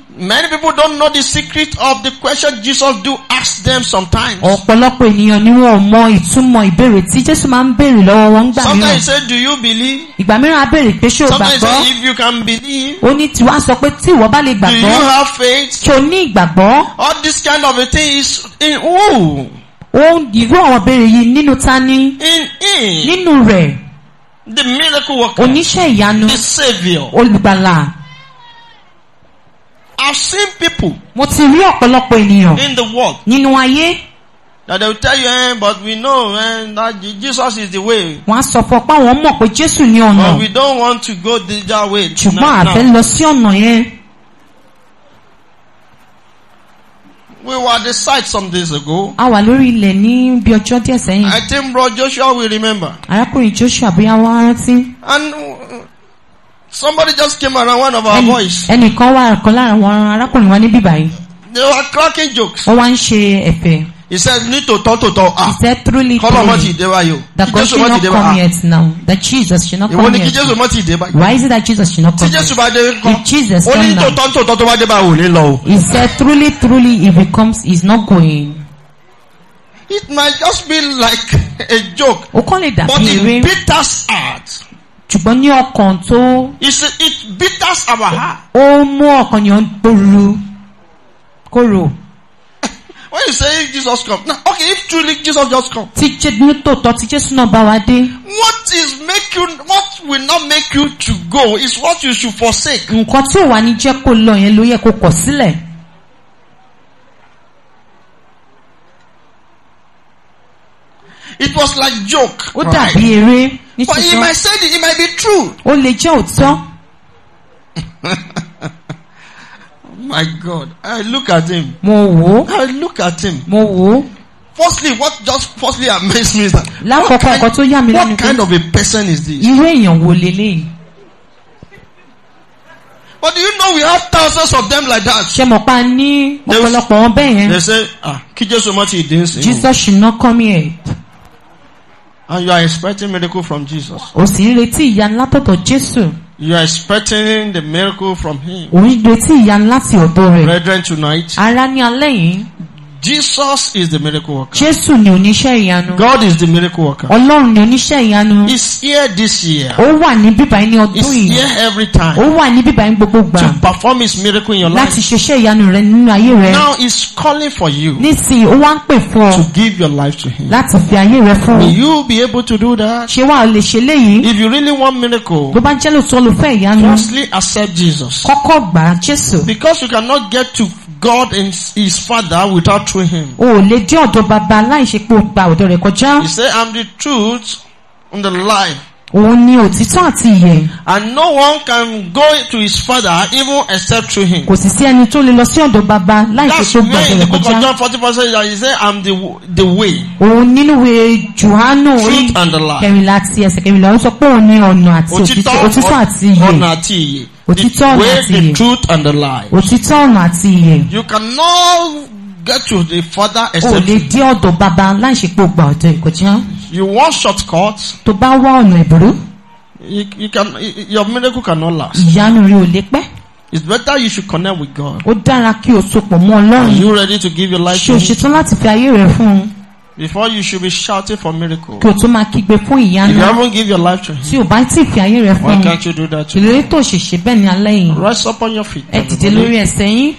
Many people don't know the secret of the question Jesus do ask them sometimes. Ọ̀pọ̀lọpọ̀ ènìyàn ni wọn mọ ìtumọ̀ ìbéèrè tí Jésù máa ń béèrè lọ́wọ́ wọn gbà mìíràn. Sometimes he say do you believe? Ìgbà mìíràn á béèrè pé ṣé o gbàgbọ́? Sometimes he say if you can believe. Ó ní tiwa sọ pé tí ìwọ bá lè gbàgbọ́. Do you have faith? Ṣé o ní ìgbàgbọ́? All this kind of a thing is in who? Ohun irú àwọn béèrè yìí nínú ta ni? In him. Nínú rẹ̀. The miracle worker. Oníṣẹ́ ìyanu. The saviour. Olùgbàlà. I've seen people. Mo ti rí ọ̀pọ̀lọpọ̀ ènìyàn. In the world. Nínú ayé. That they will tell you, eh, but we know eh, that Jesus is the way. Wọ́n á sọ fún ọ pé àwọn mọ̀ pé Jésù ní ọ̀nà. But we don't want to go that way. Ṣùgbọ́n a lọ sí ọ̀nà yẹn. We were at the site some days ago. A wà lórí ilẹ̀ ní bí ọjọ́ díẹ̀ sẹ́yìn. I think bro Joshua will remember. Arákùnrin Joshua bóyá wọ́n á rántí. And Somebody just came around one of our boys. Ẹnìkan wá ọ̀kan lára àwọn arákùnrin wa níbí báyìí. They were cracking jokes. Wọ́n wá ń ṣe ẹ̀fẹ̀. He said ní tòótọ́ tòótọ́ ah. He said truly truly. Kọ́lọ́ mọ́ ti dé báyìí o. That God should not come ah. yet now. That Jesus should not come yet. Ìwọ ni kí Jésù mọ́ ti dé Why is it that Jesus should not come yet? Tí Jésù bá dé kọ́. If Jesus come now. Ó ní tòótọ́ tòótọ́ tó bá dé báyìí ò lọ o. He said truly truly he becomes he is not going. It might just be like a joke. Ó kọ́ lè dàbí eré. But in Peter's heart ṣùgbọ́n ní ọkàn tó. it's it bitters our heart. ó mú ọkàn yẹn gbòòrò kóró. [laughs] when you say Jesus come now okay if truly Jesus just come. tí ní tòótọ́ tí Jésù náà bá wa dé. what is make you what will not make you to go is what you should forsake. nǹkan tí ò wá ní jẹ́ kó lọ yẹn ló yẹ kó kọ̀ sílẹ̀. it was like joke. ó dàbí eré ní tòótọ́. for he might say it, might be true. ó lè jẹ́ òótọ́. [laughs] Oh my God I look at him. mo wo. I look at him. mo wo. firstly what just firstly amaze me is that. lákọ̀ọ́kọ́ nǹkan tó yà mí lẹ́nu what kind of a person is this. irú èèyàn wo leléyìí. But do you know we have thousands of them like that? Ṣé mo pa ní ọ̀pọ̀lọpọ̀ wọn bẹ́ẹ̀ yẹn? They say, ah, kí Jésù má ti dín sí. Jesus should not come here. And you are expecting miracle from Jesus. O sì ń retí ìyanu látọ̀dọ̀ Jésù. You are expecting the miracle from him. Ò ń retí ìyanu láti ọ̀dọ̀ rẹ̀. Brethren tonight. Ará ní alẹ́ yìí. Jesus is the miracle worker. Jesus ni oníṣẹ́ ìyanu. God is the miracle worker. Ọlọ́run ni oníṣẹ́ ìyanu. He's here this year. Ó wà ní bíbá ní ọdún yìí. He's here every time. Ó wà ní bíbá ní gbogbo gbà. To perform his miracle in your life. Láti ṣeṣẹ́ ìyanu rẹ nínú ayé rẹ. Now he's calling for you. Nísìnyí ó wá ń pè fún ọ. To give your life to him. Láti fi ayé rẹ fún. Will you be able to do that? Ṣé wàá lè ṣe léyìí? If you really want miracle. Tó bá jẹ́ lóòótọ́ ló fẹ́ ìyanu. Firstly accept Jesus. Kọ́kọ́ gbà Jésù. Because you cannot get to God and his father without not him. O ò lè dé ọ̀dọ̀ láìṣe pé o gba ọ̀dọ̀ rẹ̀ kọjá. He said, I'm the truth and the life. Òun ni òtítọ́ àti ìyè. And no one can go to his father even except through him. Kò sì sí ẹni tó lè lọ sí ọ̀dọ̀ bàbá láìsí tó gbàgbé rẹ̀ kọjá. That's why in the book of John forty four says that he say I'm the the way. Òun nínú ìwé Jòhánù orí kẹrìnlá àti ẹsẹ̀ kẹrìnlá ó sọ pé òun ni ọ̀nà àti òtítọ́ àti ìyè. Ọ̀nà àti ìyè. Òtítọ́ ọ̀nà àti ìyè. The way the truth and the lie. Òtítọ́ ọ̀nà àti ìyè. You cannot get to the further extent. o lè dé ọ̀dọ̀ bàbá láìsí pé o gba ọ̀dọ̀ ìkọjá. you want shortcut. tó bá wá ọ̀nà ìbúrú. you can your miracle cannot last. ìyanu rí o lè pẹ́. It's better you should connect with God. Ó dára kí o sopọ̀ mọ́ Ọlọ́run. Are you ready to give your life to Him? Ṣé o ṣetán láti fi ayé rẹ fún un? Before you should be shouting for miracle. Kí o tó máa kígbe fún ìyanu. you haven't give your life to Him. Tí o bá ti fi ayé rẹ fún un. Why can't you do that to Him? Ìlérí tó ṣèṣe bẹ́ẹ̀ ni alẹ́ yìí. Rise up on your feet. Ẹ dìde lórí ẹsẹ̀ yín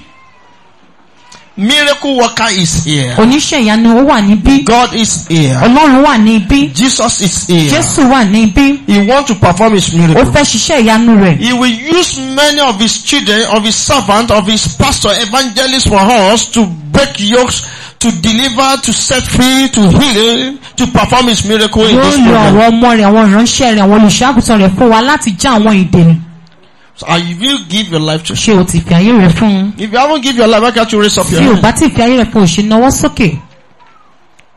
miracle worker is here. oníṣẹ̀yanu ó wà níbí. God is here. ọlọ́run wà níbí. Jesus is here. Jésù wà níbí. He want to perform his miracle. ó fẹ́ ṣiṣẹ́ ìyanu rẹ̀. He will use many of his children of his servants of his pastor evangelists for us to break yokes to deliver to set free to heal to perform his miracle in this program. So I will give your life to. Ṣé o ti fi ayé rẹ fún If you haven't give your life, why can't you raise up your hand. Tí o bá ti fi ayé rẹ fún òṣì náwó sókè.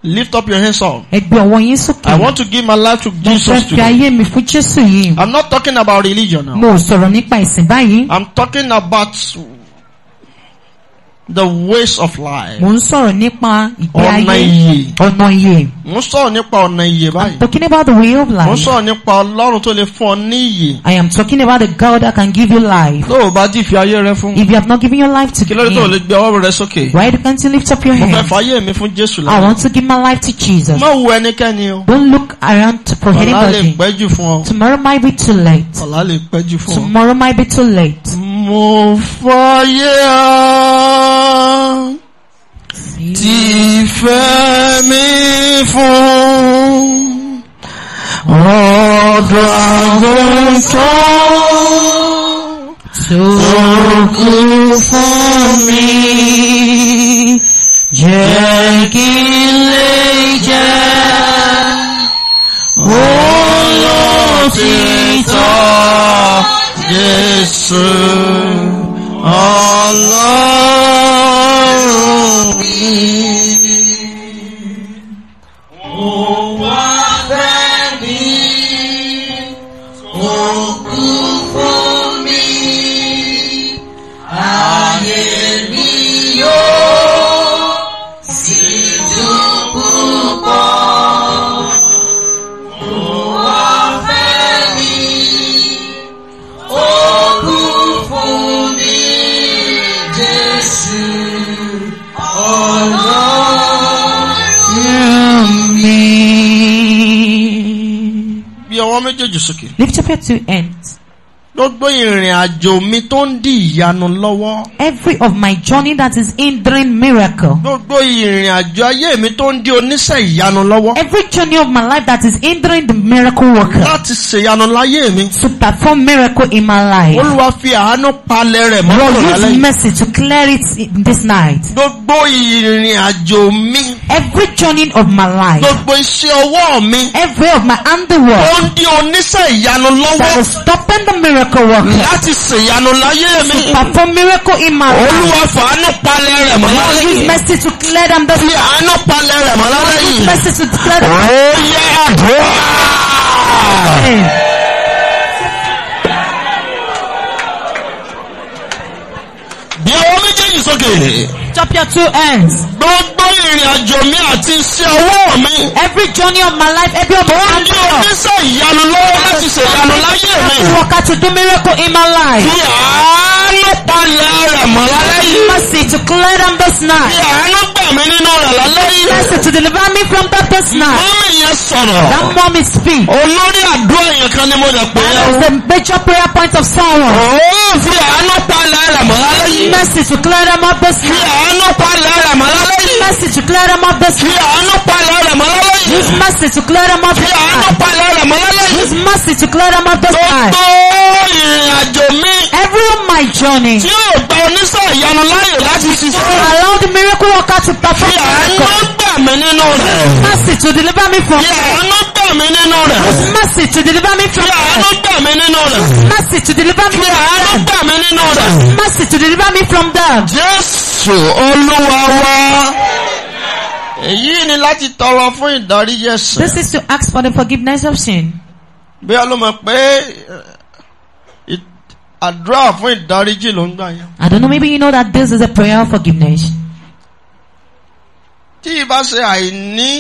Lift up your hands up. Ẹ ọwọ́ yín sókè. I want to give my life to Jesus today. Mo fẹ́ fi ayé mi fún Jésù yìí. I'm not talking about religion now. Mo sọ̀rọ̀ nípa ìsìn báyìí. I'm talking about the ways of life. mo ń sọ̀rọ̀ nípa ìgbé ayé mo ń sọ̀rọ̀ nípa ọ̀nà ìyè báyìí. I'm talking about the way of life. mo ń sọ̀rọ̀ nípa ọlọ́run tó lè fún ọ ní ìyè. I am talking about the God that can give you life. tó o bá di ìfi ayé rẹ fún. if you have not given your life to him. kí ló dé tó o lè gbé ọwọ́ rẹ sókè. why can't you lift up your hand. mo fẹ́ fàyè mi fún Jésù lára. I want to give my life to Jesus. má wo ẹnikẹ́ni o. don't look around for anybody. ọ̀la lè pẹ́ jù fún ọ. tomorrow might be too late. ọ̀la lè pẹ́ jù fún ọ. tomorrow might be too late fọyẹ́ ti fẹ́ mi fún ọ̀dọ̀ àwọn tó tókù fún mi jẹ́ kí lè jẹ́ olóòtítọ́. Yes, Allah. Lift up your two ends. Gbogbo ìrìn àjò mi tó ń di ìyanu lọ́wọ́. Every of my journey that is hindering miracle. Gbogbo ìrìn àjò ayé mi tó ń di oníṣẹ́ ìyanu lọ́wọ́. Every journey of my life that is hindering the miracle worker. Láti ṣèyanu láyé mi. To perform miracle in my life. Olúwa fi àánú palẹ̀ rẹ̀ mọ́tò lálẹ́. Lord use mercy to clear it this night. Gbogbo ìrìn àjò mi. Every journey of my life. Gbogbo iṣẹ́ ọwọ́ mi. Every of my handiwork. Tó ń di oníṣẹ́ ìyanu lọ́wọ́. That is stopping the miracle. miracle worker. Láti ṣèyanu láyé mi. To perform miracle in my life. Olúwa fàánú palẹ̀ rẹ̀ mọ́ lálẹ́ yìí. Use mercy to clear them this. Fi àánú palẹ̀ rẹ̀ mọ́ lálẹ́ yìí. Use mercy to clear them. Ó yẹ àdúrà. Bí ọwọ́ méjèèjì sókè. Chop your two ends. Gbogbo ìrìn àjò mi àti iṣẹ́ ọwọ́ mi. every journey of my life every of my life. ó ní oníṣẹ́ ìyanu lọ́wọ́ láti ṣe ìyanu láyé mi. láti wọ́n ká ti dún miracle in my life. fi àánú palẹ̀ rẹ̀ mọ́ lálẹ́ yìí. mercy to clear them this night. fi àánú gbà mí nínú rẹ̀ lálẹ́ yìí. mercy to deliver me from that this night. mọ́mí yẹn sọ̀rọ̀. that mommy speak. olórí àdúrà yẹn kan ni mo lè pè é. that is the major prayer point of someone. ó fi àánú palẹ̀ rẹ̀ mọ́ lálẹ́ yìí. mercy to clear them up this night. fi àánú palẹ̀ rẹ̀ mọ́ lálẹ́ yìí. mercy to clear them up this week. Use mercy to clear them up this time. Use mercy to clear them up this time. Every my journey. Tí yóò gba oníṣẹ́ ìyanu láyè láti Allow the miracle worker to perform. Fi àánú gbà mí nínú mercy to deliver me from. Fi àánú gbà mí mercy to deliver me from. Fi àánú gbà mí mercy to deliver me from. Fi àánú gbà mí mercy to deliver me from them. Jésù Olúwa wá. Èyí ni láti tọrọ fún This is to ask for the forgiveness of sin. Bí ọlọ́mọ pé eh, àdúrà fún ìdáríjì ló ń gbà yẹn. I don't know maybe you know that this is a prayer of forgiveness. Tí ṣe àìní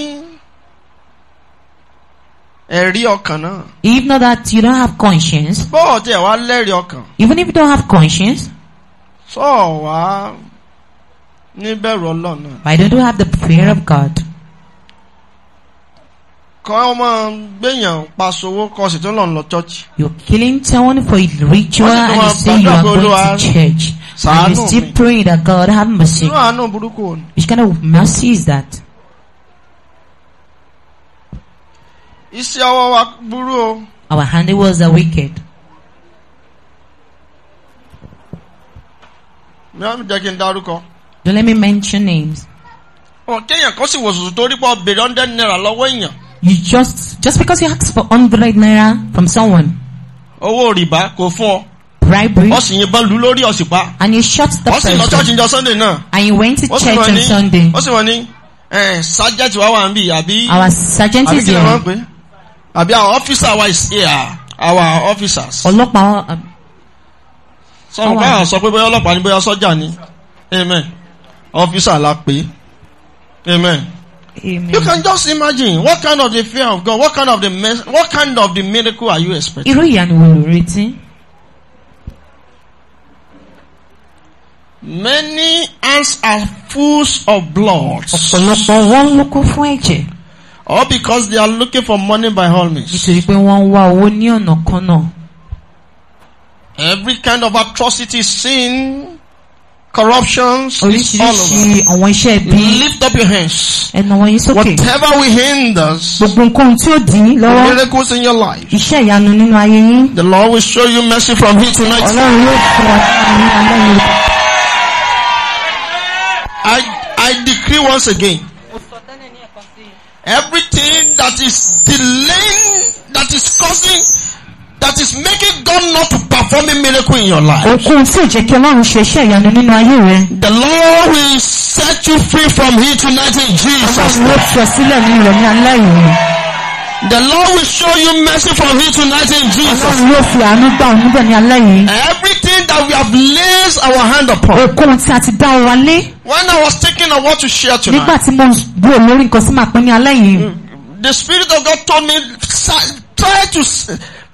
ẹ̀rí ọkàn náà. If not that you don't have conscience. Bọ́ọ̀ tí ẹ̀ wá lẹ́rìí ọkàn. Even if you don't have conscience. wá. So, uh, níbẹ̀rù ọlọ́run náà. why don't you have the fear of God? kan ọmọ gbẹ̀yàn paṣọwó kọ sì tó lọ lọ church. you killing someone for ritual and you say you are going to church and you still pray that God have mercy. inú àánú burúkú o. which kind of mercy is that? iṣẹ́ ọwọ́ wa burú o. our handiworks are wicked. mi ò jẹ́ kí n dárúkọ. Don't let me mention names. Ọ̀kẹ́yàn kan sì wò sùsù torí pé ọbẹ̀rẹ̀ naira lọ́wọ́ You just just because you ask for hundred naira from someone. Owó rìbá kò fún ọ. Bribery. Ó sì yìnbọn lù lórí ọ̀sìn pa. And he shot the person. Ó sì lọ church njọ Sunday náà. And he went to church on Sunday. Ó sì wọ́n ní sergeant wa wà ń bì àbí. Our sergeant is here. Abi kí our officer wa is here. Our officers. Ọlọ́pàá. Uh, Sọ̀rọ̀ báyà sọ pé bóyá ọlọ́pàá ni bóyá sọ́jà ni. Amen officer la pé amen. Amen. You can just imagine what kind of the fear of God, what kind of the mes- what kind of the miracle are you expecting? Irú ìyanu wo ló retí? Many hands are full of blood. Ọ̀pọ̀lọpọ̀ wọn ló kún fún ẹ̀jẹ̀. All because they are looking for money by all means. Nítorí pé wọ́n ń wá owó ní ọ̀nà kan náà. Every kind of atrocity seen corruptions is all over. àwọn lift up your hands. whatever we hinders. miracles in your life. the Lord will show you mercy from here tonight. I I decree once again. Everything that is delaying, that is causing that is making God not to perform a miracle in your life. Okun sì jẹ́ kí Ọlọ́run ṣe iṣẹ́ ìyanu nínú ayé rẹ. The Lord will set you free from here tonight in Jesus. Ọlọ́run yóò fi sílẹ̀ ní ìrọ̀lẹ́ alẹ́ yìí. The Lord will show you mercy from here tonight in Jesus. Ọlọ́run yóò fi àánú gbà ọ́ níbẹ̀ ní alẹ́ yìí. Everything that we have laid our hand upon. Òkun tí a ti dá wa lé. When I was thinking of what to share tonight. Nígbà tí mo bu olórí nǹkan sí màá ní alẹ́ yìí. The Spirit of God told me try to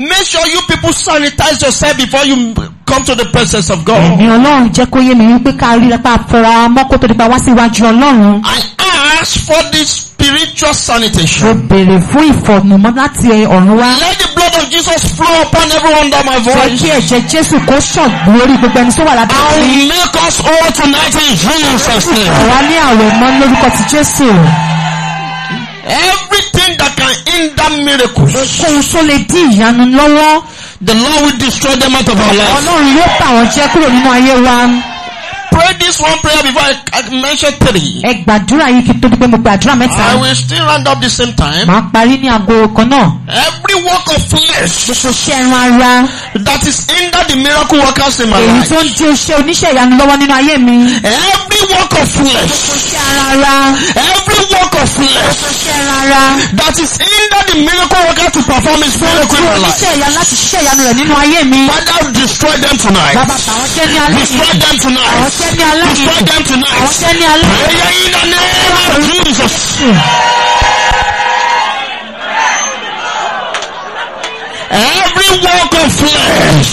Make sure you people sanitize yourself before you come to the presence of God. Ẹ̀mí Ọlọ́run jẹ́ kó yé mi wípé ká rí lápá fọra mọ́ kó tó di pa wá sí Ọlọ́run. I ask for the spiritual sanitation. Mo béèrè fún ìfọ̀nùmọ́ láti ọ̀run wá. Let the blood of Jesus flow upon everyone under my voice. Jẹ́ kí ẹ̀jẹ̀ Jésù kó ṣàn lórí gbogbo ẹni tó wà lábẹ́ mi. I will make us all tonight in Jesus' name. Àwa ní àwẹ̀ mọ́ lórúkọ ti Jésù. Every that can hinder miracles. Ohunkóhun tó lè dín ìyanu lọ́wọ́. The Lord will destroy them out of our lives. Ọlọ́run yóò bà wọ́n jẹ́ kúrò nínú ayé wa. Pray this one prayer before I, I mentioned three. I will still round up the same time. Every work of flesh. Gbogbo iṣẹ́ ẹran That is under the miracle workers in my life. Èyí tó Every work of flesh. Gbogbo iṣẹ́ ara Every work of flesh. That is under the miracle worker to perform his miracle in my life. Father destroy them tonight. Destroy them tonight. Destroy them tonight. Àwọn jẹ́ ní aláìní. Ẹyẹ yín Jesus. Every walk of flesh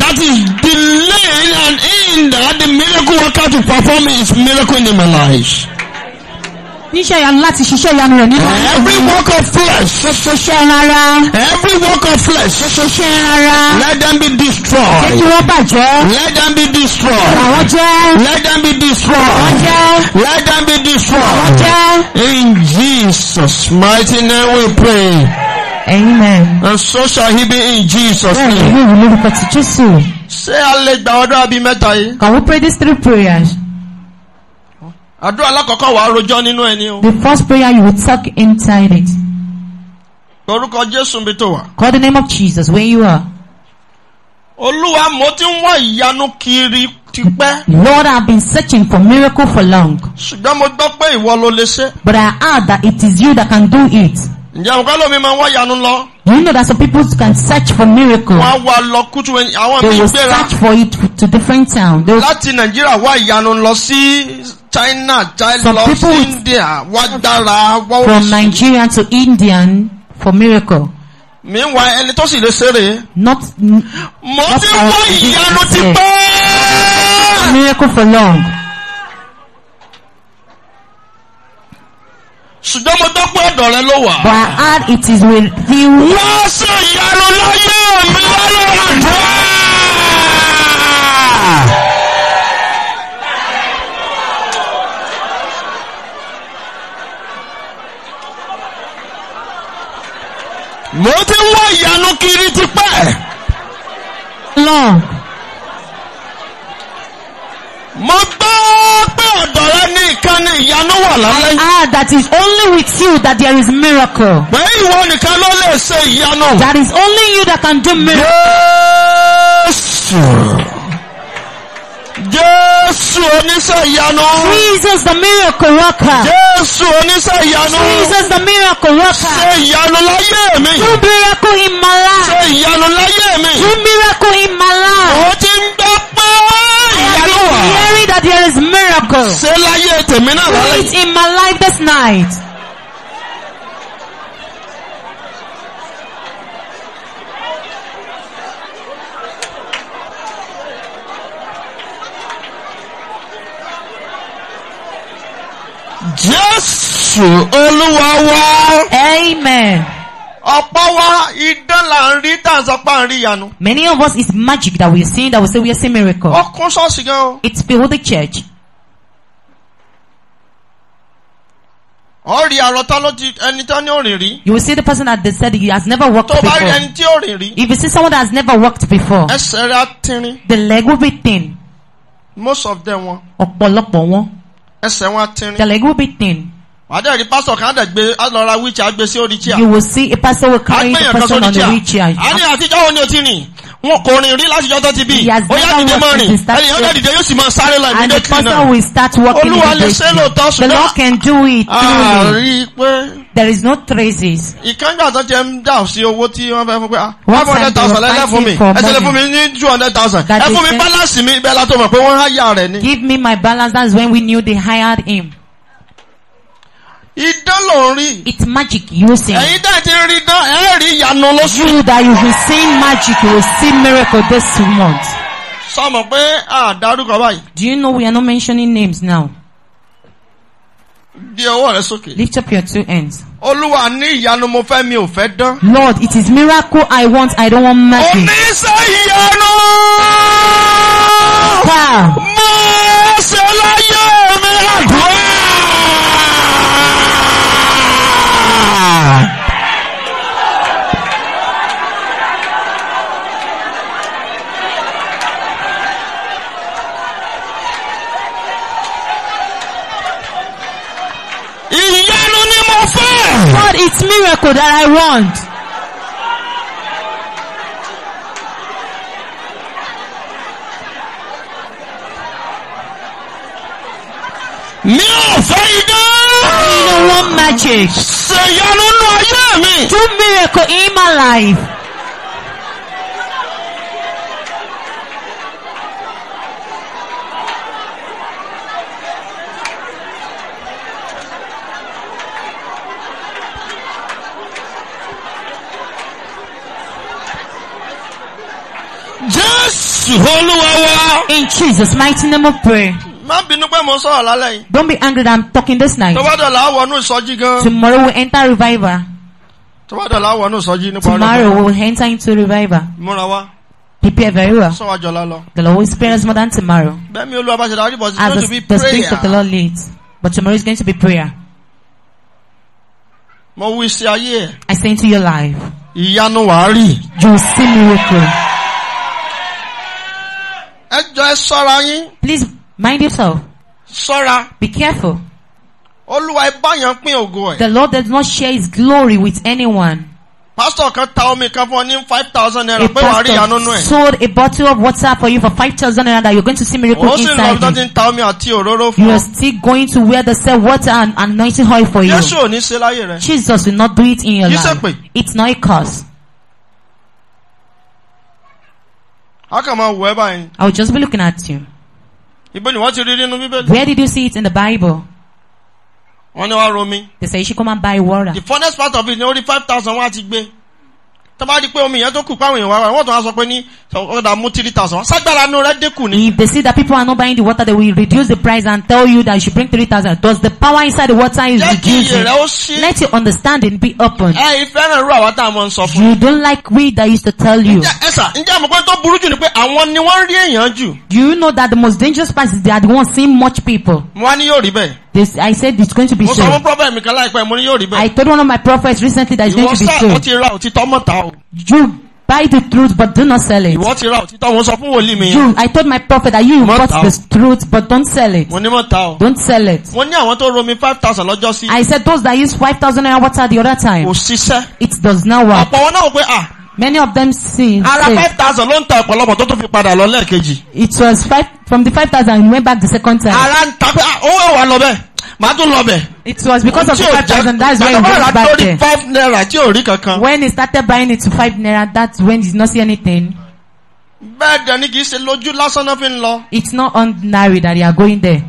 that is delaying and in that the miracle worker to perform his miracle in my life. níṣẹ́ ìyanu láti ṣiṣẹ́ ìyanu rẹ̀ nínú. every work of flesh. ṣoṣoṣẹ́ rárá. every work of flesh. ṣoṣoṣẹ́ rárá. let them be destroyed. jẹ́ kí wọ́n bàjẹ́. let them be destroyed. àwọn jẹ́. let them be destroyed. àwọn jẹ́. let them be destroyed. àwọn jẹ́. in Jesus mighty name we pray. Amen. And so shall he be in Jesus' name. Bẹ́ẹ̀ni, ìlú ìlú lórúkọ ti Jésù. Ṣé a lè gbà ọdọ́ àbí mẹ́ta yìí? Can we pray these three prayers? àdúrà alákọ̀ọ́kọ́ wàá rojọ́ nínú ẹ o. the first prayer you will tuck inside it. orúkọ Jésù bí tó wà. call the name of Jesus where you are. Olúwa mo ti ń wá ìyanu kiri tipẹ́. Lord, I have been searching for miracle for long. Ṣùgbọ́n mo gbọ́ pé ìwọ ló lè ṣe. But I heard that it is you that can do it. Ǹjẹ́ àwọn kan lómi máa ń wá ìyanu lọ? You know that some people can search for miracle. Wọ́n á wá lọ kútu àwọn mi gbéra. They will search for it to different towns. Láti Nàìjíríà wá ìyanu lọ sí. China, people India, what dara, what From Nigeria to Indian for miracle. Meanwhile, ẹni tó sì lè ṣeré. Not mo ti wọ ìyanu ti pẹ́. Miracle for long. Ṣùgbọ́n mo dọ́pọ̀ ọ̀dọ̀ rẹ ló wà. But it is with you. Wọ́n ṣe ìyanu láyé mi lọ́lọ́ àdúrà. mo ti wá ìyanu kiri tipẹ́. mo pé ọ̀dọ̀ rẹ ní ìkànnì ìyanu wà lálẹ́. ah that is only with you that there is miracle. pé ìwọ nìkan ló lè ṣe ìyanu. that is only you that can do miracle. Jésù. Jésù oníṣẹ́ ìyanu. Jesus the miracle worker. Jésù oníṣẹ́ ìyanu. Jesus the miracle worker. Ṣe ìyanu láyé mi. Do miracle in Ṣe ìyanu láyé mi. Do miracle in my life. Mo wà. I have hearing that there is miracle. Ṣé láyé tèmi náà lálẹ́? Do it in my life this night. Jésù. Jésù Olúwa wá. Amen. Ọ̀pọ̀ wa idán là ń rí tá à sọ pé à ń rí ìyanu. Many of us is magic that we are seeing that we say we are seeing miracle. Ọkùn ṣọ́ọ̀ṣì gan It's filled the church. Ọ àròtá ló ti ẹni tó ní òrìn rí. You will see the person that they said he has never walked before. Tó bá rí ẹni tí ó rí. If you see someone that has never walked before. Ẹsẹ̀ rẹ̀ á tínrín. The leg will be thin. Most of them wọn. Ọ̀pọ̀lọpọ̀ wọn. Ẹsẹ̀ wọn á tínrín. The leg will be thin wà á dẹ̀ rí pásítọ̀ kan dẹ̀ gbé lọ́ra wíìchì á sí orí chair. you will see a pastor will carry the person on the wheelchair. a ní àtijọ́ wo ni o ti rìn wọn kò rìn rí látijọ́ tó ti bí ó yá dìde mọ́ rìn ẹni yóò dìde yóò sì máa sáré lọ ìdílé kiri and the pastor will start working in the day. the Lord can do it truly. there is no traces. ìkánjọ́ àtọ́ jẹ́ ń dà sí owó tí wọ́n fẹ́ fún pé ah, five hundred thousand lẹ́lẹ́ fún mi ẹsẹ̀ lè fún mi ní two hundred thousand ẹ fún mi balance mi ibẹ̀ give me my balance that's when we knew they hired him. Idán It's magic you see. Ẹ̀yin dá ti rí idán, ẹ ìyanu lóṣù. You that you will see magic, you will see miracle this month. Sọmọ pé a dárúkọ báyìí. Do you know we are not mentioning names now? Di ọwọ́ rẹ sókè. Lift up your two hands. Olúwa ní ìyanu mo fẹ́ mi ò fẹ́ dán. Lord, it is miracle I want, I don't want magic. Oníṣẹ́ ìyanu. that I want. mi ò fẹ́ idán. don't want magic. ṣèyanu nù ayé mi. do miracle in my life. In Jesus' mighty name we pray. yìí. Don't be angry that I'm talking this night. Tomorrow we enter revival. Tomorrow we will enter into revival. Prepare very well. The Lord will spare us more than tomorrow. As the the Spirit of the Lord leads. But tomorrow is going to be prayer. I say into your life. You'll see miracle. jọ ẹ sọ́ra yín. please mind yourself. sọ́ra. be careful. olúwa ìbáyàn pín ògo ẹ̀. the lord does not share his glory with anyone. pastor kan ta omi kan fún ọ ní five thousand naira pé wàá rí ìyanu nù ẹ. a pastor sold a bottle of water for you for five thousand naira that you're going to see miracle inside you. ó sì lọ bí ta omi àti òróró fún you are still going to wear the same water and anointing oil for you. Jésù ò ní ṣe láyé rẹ. Jesus will not do it in your life. It's not a curse. a kàn máa wọ ẹ báyìí. I will just be looking at you. ibo ni wọ́n ti rí nínú bíbélì. Where did you see it in the Bible? wọ́n ní wàá romi. They say you should come and buy water. The funnest part of it ni ó rí five thousand wọ́n á ti gbé tó di pé omi yẹn tó kù páwọn èèyàn wá wọ́n tó wá sọ pé ní ọ̀dà mú three thousand ságbára inú rẹ̀ dínkù ni. if they see that people are not buying the water they will reduce the price and tell you that you should bring three thousand does the power inside the water is reducing let your understanding be open. ẹ ìfẹ́ràn irú àwọn tá a mọ̀ ń sọ fún. you don't like we that used to tell you. ǹjẹ́ ẹ̀sà ǹjẹ́ àmọ́ tó burú jù ni pé àwọn ni wọ́n rí èèyàn jù. do you know that the most dangerous part is they are the ones seeing much people. wọ́n á ní yóò rí bẹ́ẹ̀. This, I said it's going to be so. Mo sọ fún prophet mi kan láìpẹ́, mo ní yóò rí bẹ́ẹ̀. I told one of my prophets recently that it's going to be so. Ìwọ sá, o ti ra òtítọ́ mọ̀ ta o. You buy the truth but do not sell it. Ìwọ ti ra òtítọ́, mo sọ fún wòlíì mi. You, I told my prophet that you bought the truth but don't sell it. Mo ní mọ̀ ta o. Don't sell it. Mo ní àwọn tó romi five thousand lọ́jọ́ sí. I said those that use five thousand naira water the other time. Kò ṣiṣẹ́. It does not work. Ọ̀pọ̀ wọn náà wò pé ah Many of them sin. Ara five thousand ló ń ta ọ̀pọ̀lọpọ̀ tó tún fi padà lọ lẹ́ẹ̀kejì. It was five from the five thousand he went back the second time. Ara ń ta pé ah, owó ìwà màá tún lọ It was because of the five thousand that's why he went back there. five naira tí ò rí kankan. When he started buying it to five naira that's when he not see anything. Bẹ́ẹ̀ dẹ̀ ni kì í ṣe lójú lásán náà fi ń lọ. It's not ordinary that they are going there.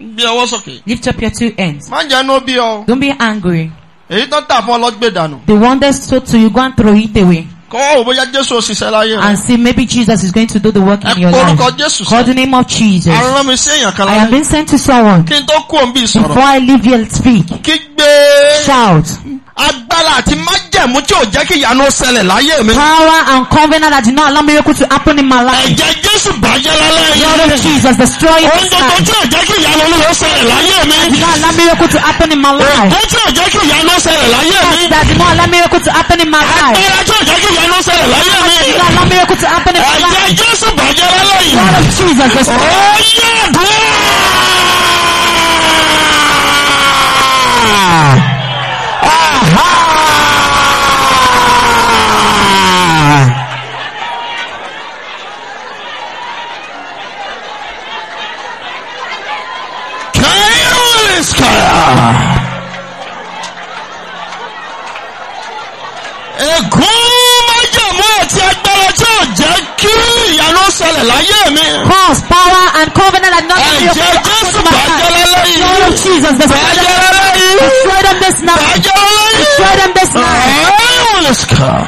Gbé ọwọ́ sókè. Lift up your two ends. Má jẹ́ ní ọ. Don't be angry èyí tó ń tà fún ọ dànù. the one that to you go and throw it away. kọ́ ò bóyá Jésù ò ṣiṣẹ́ láyé rẹ. and see maybe Jesus is going to do the work in your life. ẹ kórúkọ Jésù sọ. call the name of Jesus. arán mi sí èèyàn kan láyé. I have been sent to someone. kí n tó kú òun bí sọ̀rọ̀. before I leave here speak. kí gbé. shout agbára àti májẹ̀mú tí ò jẹ́ kí ìyanu ṣẹlẹ̀ láyé mi. power and covenant that did not allow me to happen in my life. ẹ̀jẹ̀ jésù bàjẹ́ lálẹ́ yìí. lord jesus destroy your sin. ohun tó tí ò jẹ́ kí ìyanu olúwo ṣẹlẹ̀ láyé mi. did not allow miracle to happen in my life. ohun tí ò jẹ́ kí ìyanu ṣẹlẹ̀ láyé mi. that did not allow miracle to happen in my life. agbára tí jẹ́ kí ìyanu ṣẹlẹ̀ láyé mi. did not allow miracle to happen in my life. ẹ̀jẹ̀ jésù bàjẹ́ lálẹ́ yìí. lord jesus destroy. ó yẹ ìgbésẹ̀ power and covenant and not your of Jesus the Son This night, Destroy them this night. Bàjẹ́ lálẹ́ yìí. Destroy them this night. Holy oh, scar.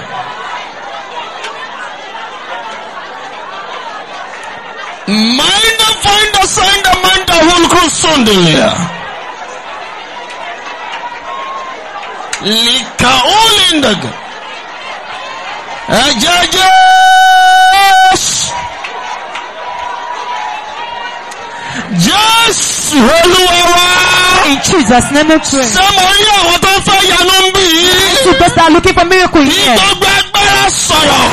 Meine Feinde sind der Mann der Hulkussundelier. Likaulindage. Ẹ̀jẹ̀ Jésù Olúwa. In Jesus name we pray. Ṣé mo rí àwọn tó ń fẹ́ yanu ń bí? Yes, those are looking for miracle here. Ìtọ́gbẹ́ agbára sọ̀rọ̀.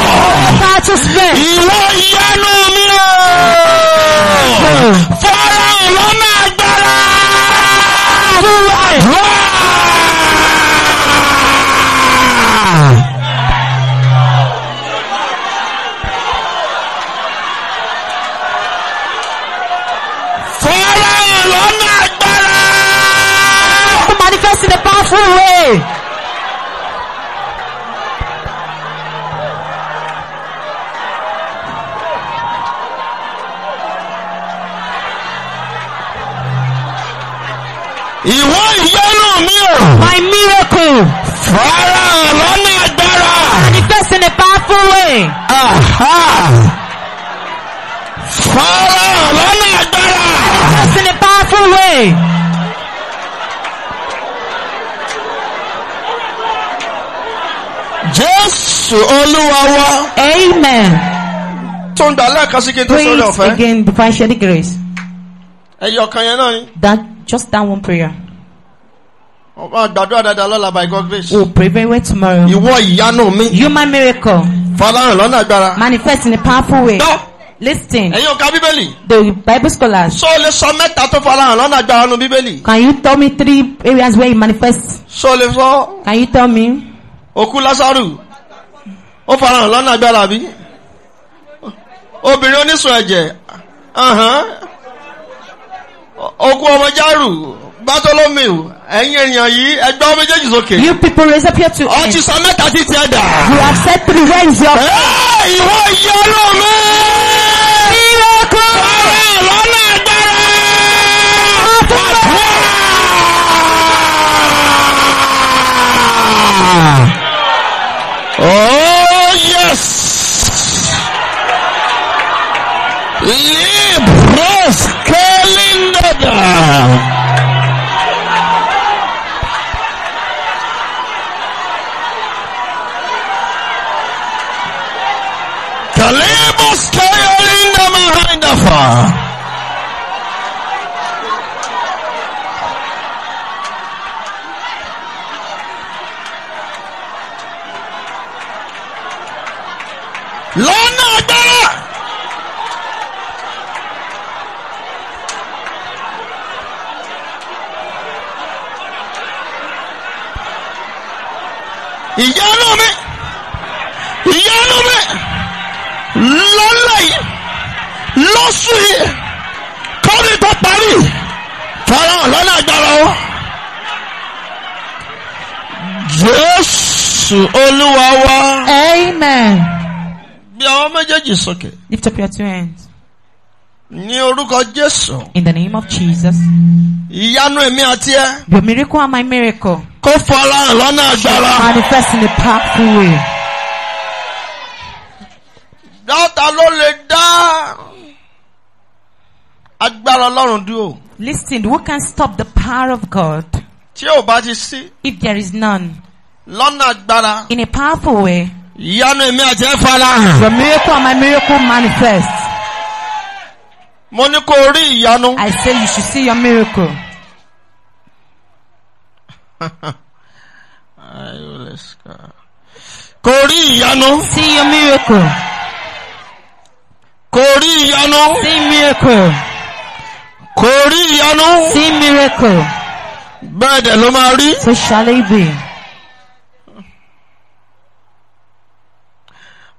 Power to spare. Ìwọ yanu mi o. Fọ́ra ọ̀lọ́nà agbára. Fúra. Fúra. Hey! My miracle. Manifest in a powerful way. Fara Manifest in a powerful way. Jésù Olúwa Amen. Tó ń dalẹ́ kan kí n tó sọ́dọ̀ ọ̀fẹ́. Praise again before I share the grace. Ẹyọ kan yẹn náà ni. That just that one prayer. Ọba gbàdúrà dáadáa lọ́la by God grace. We'll pray very well tomorrow. Ìwọ ìyanu mi. Human miracle. Farahàn lọ́nà agbára. Manifest in a powerful way. Dọ́. Listen. Ẹ̀yin ọ̀ka Bíbélì. The Bible scholars. Ṣé o sọ mẹ́ta tó farahàn lọ́nà agbára nu Bíbélì? Can you tell me three areas where it manifests? Ṣé o sọ? Can you tell me? Òkú Lásárù ó farahàn lọ́nà agbára bí obìnrin oníṣun ẹ̀jẹ̀ okú ọmọ járù Bartholomew ẹ̀yin èèyàn yìí ẹgbẹ́ méjèèjì sókè. you people raise up your two ọtí sọ mẹ́ta ti tiẹ̀ dà. you have said three rings your. ìwọ iye olóòmù. ìwọ kọ́. lọ́nà agbára. àtúntò. Oh. Libroskelindada. méjì sókè. Lift up your two hands. Ní orúkọ Jésù. In the name of Jesus. Ìyanu èmi àti ẹ. Your miracle and my miracle. Kó fọlá lọ́nà àgbàrá. Manifest in a powerful way. Dáta ló lè dá agbára Ọlọ́run dúró. Listen, who can stop the power of God? Tí ò bá ti sí. If there is none. Lọ́nà àgbàrá. In a powerful way ìyanu èmi àti ẹ farahàn. the miracle my miracle manifest. mo ní kó rí ìyanu. I say you should see your miracle. [laughs] kó rí ìyanu. see your miracle. kó rí ìyanu. see miracle. kó rí ìyanu. see miracle. bẹ́ẹ̀ dẹ̀ ló máa rí. so shall it be.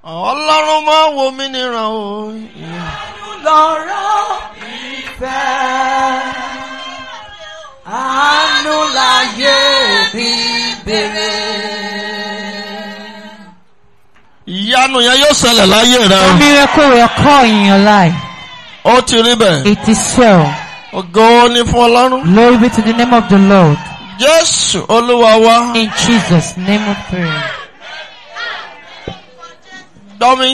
ọlọ́run máa wo mí níran o. ìyanu lọ́rọ̀ ìfẹ́ àánú láyé mi bèrè. ìyanu yẹn yóò ṣẹlẹ̀ láyé rẹ. miracle will occur in your life. ó ti rí bẹ́ẹ̀. it is so. ògo ni fún ọlọ́run. glory be to the name of the Lord. Jésù Olúwa wa. in Jesus name of prayer. Dọ́mí.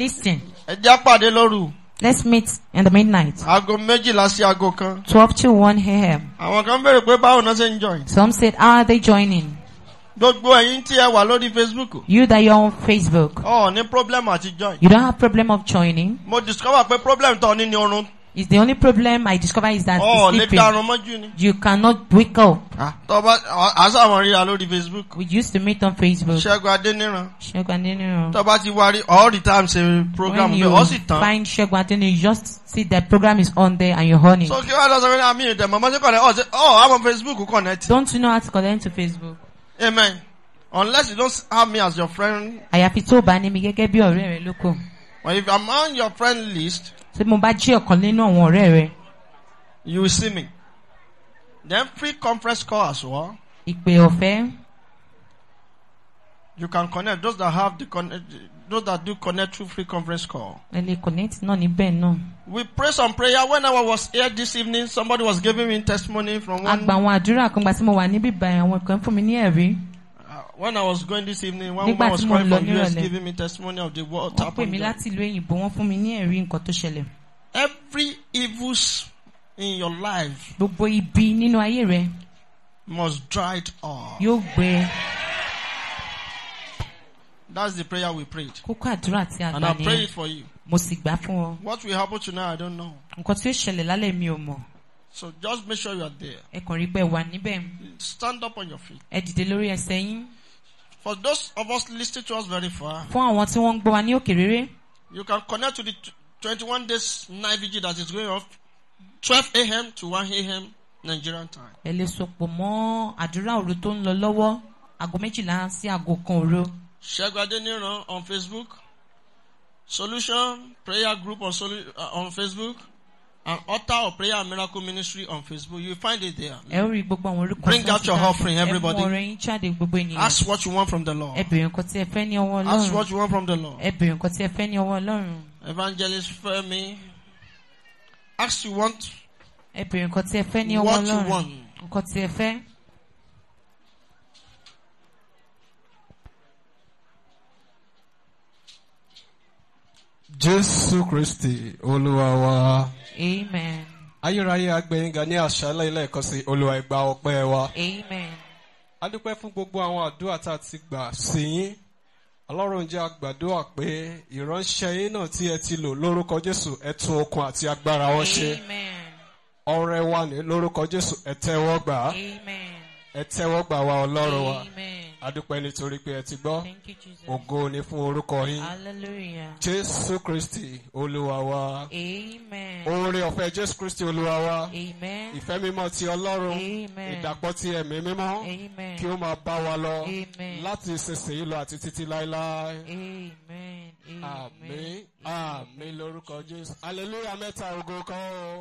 Listen. Ẹ jẹ́ pàdé lóru. Let's meet in the midnight. Aago méjìlá sí aago kan. Twelve to one a.m. Àwọn kan béèrè pé báwo náà ṣe ń join. Some said, how are they joining? Gbogbo ẹ̀yin tí ẹ wà lórí Facebook. You that you're on Facebook. Ọ̀ ní problem àti join. You don't have problem of joining. Mo discover pé problem tó ní ni oorun is the only problem I discover is that oh, sleeping. You cannot wake up. As I'm àwọn ríra lórí Facebook. We used to meet on Facebook. Shegu Adéníran. Shegu Adéníran. Tọ́ba ti wá all the time ṣe program bẹ́ẹ̀ ọ sì tán. When you find Shegu Adéníran you just see that program is on there and you're honing. it. So you wàá lọ sọ fún ah, mi ìdẹ̀mọ̀ mọ́ṣẹ́ connect ọ̀ oh, oh, I'm on Facebook We connect. Don't you know how to connect to Facebook? Amen. Unless you don't have me as your friend. Àyàfi tó o bá ní mi gẹ́gẹ́ bí ọ̀rẹ́ rẹ lóko. Well, if I'm on your friend list tí mo bá jí ọ̀kan nínú àwọn ọ̀rẹ́ rẹ. you see me then free conference call as well. ìpè ọ̀fẹ́. you can connect those that have the connect those that do connect through free conference call. ẹ lè connect náà níbẹ̀ náà. we pray some prayer when I was here this evening somebody was giving me testimony from one. àgbà àwọn àdúrà kan gbà tí mo wà níbí báyìí àwọn kan fún mi ní ẹ̀rí when I was going this evening one woman was crying from US giving me testimony of the what happened. wọ́n every evil in your life. must dry it up. That's the prayer we prayed. And I pray it for you. What will happen to tonight I don't know. So just make sure you are there. Stand up on your feet. For those of us listening to us very far. Fún àwọn tí wọ́n ń gbọ́ wa ní òkè rere. You can connect to the twenty-one days night vigil that is going off twelve a.m. to one a.m. Nigerian time. Ẹ lè sopọ̀ mọ́ àdúrà òru tó ń lọ lọ́wọ́ aago méjìlá sí aago kan òru. Ṣẹ́gun Adéníran on Facebook. Solution prayer group on, solu uh, on Facebook and author of prayer and miracle ministry on Facebook. You find it there. Bring out your offering, everybody. Ask what you want from the Lord. Ask what you want from the Lord. Evangelist Femi, ask you want what you want. Jesus Christ, Olúwa wa. Amen. Ayérayé agbẹ̀yìn ní àṣálẹ́ ilé ẹ̀kọ́ sí Olúwa ìgbà ọpẹ́ wa. Amen. A fún gbogbo àwọn àdúrà tá a ti gbà sí yín. Ọlọ́run jẹ́ àgbàdúrà pé ìránṣẹ́ yín náà tí ẹ ti lò lórúkọ Jésù ẹ okun àti agbára wọn ṣe. Amen. Ọrẹ wa ní lórúkọ Jésù ẹ tẹ́wọ́ gbà. Amen ẹ tẹ́wọ́ gbà wá ọlọ́run wa adúpẹ́ nítorí pé ẹ ti gbọ́ ògo ni fún orúkọ yín jésù kristi olúwa wa oore ọ̀fẹ́ jésù kristi olúwa wa ìfẹ́ mímọ́ ti ọlọ́run ìdàpọ̀ ti ẹ̀mí mímọ́ kí ó máa bá wa lọ láti ìsinsìnyí lọ àti títí láéláé àmín àmín lórúkọ jésù hallelujah mẹ́ta ògo kan o.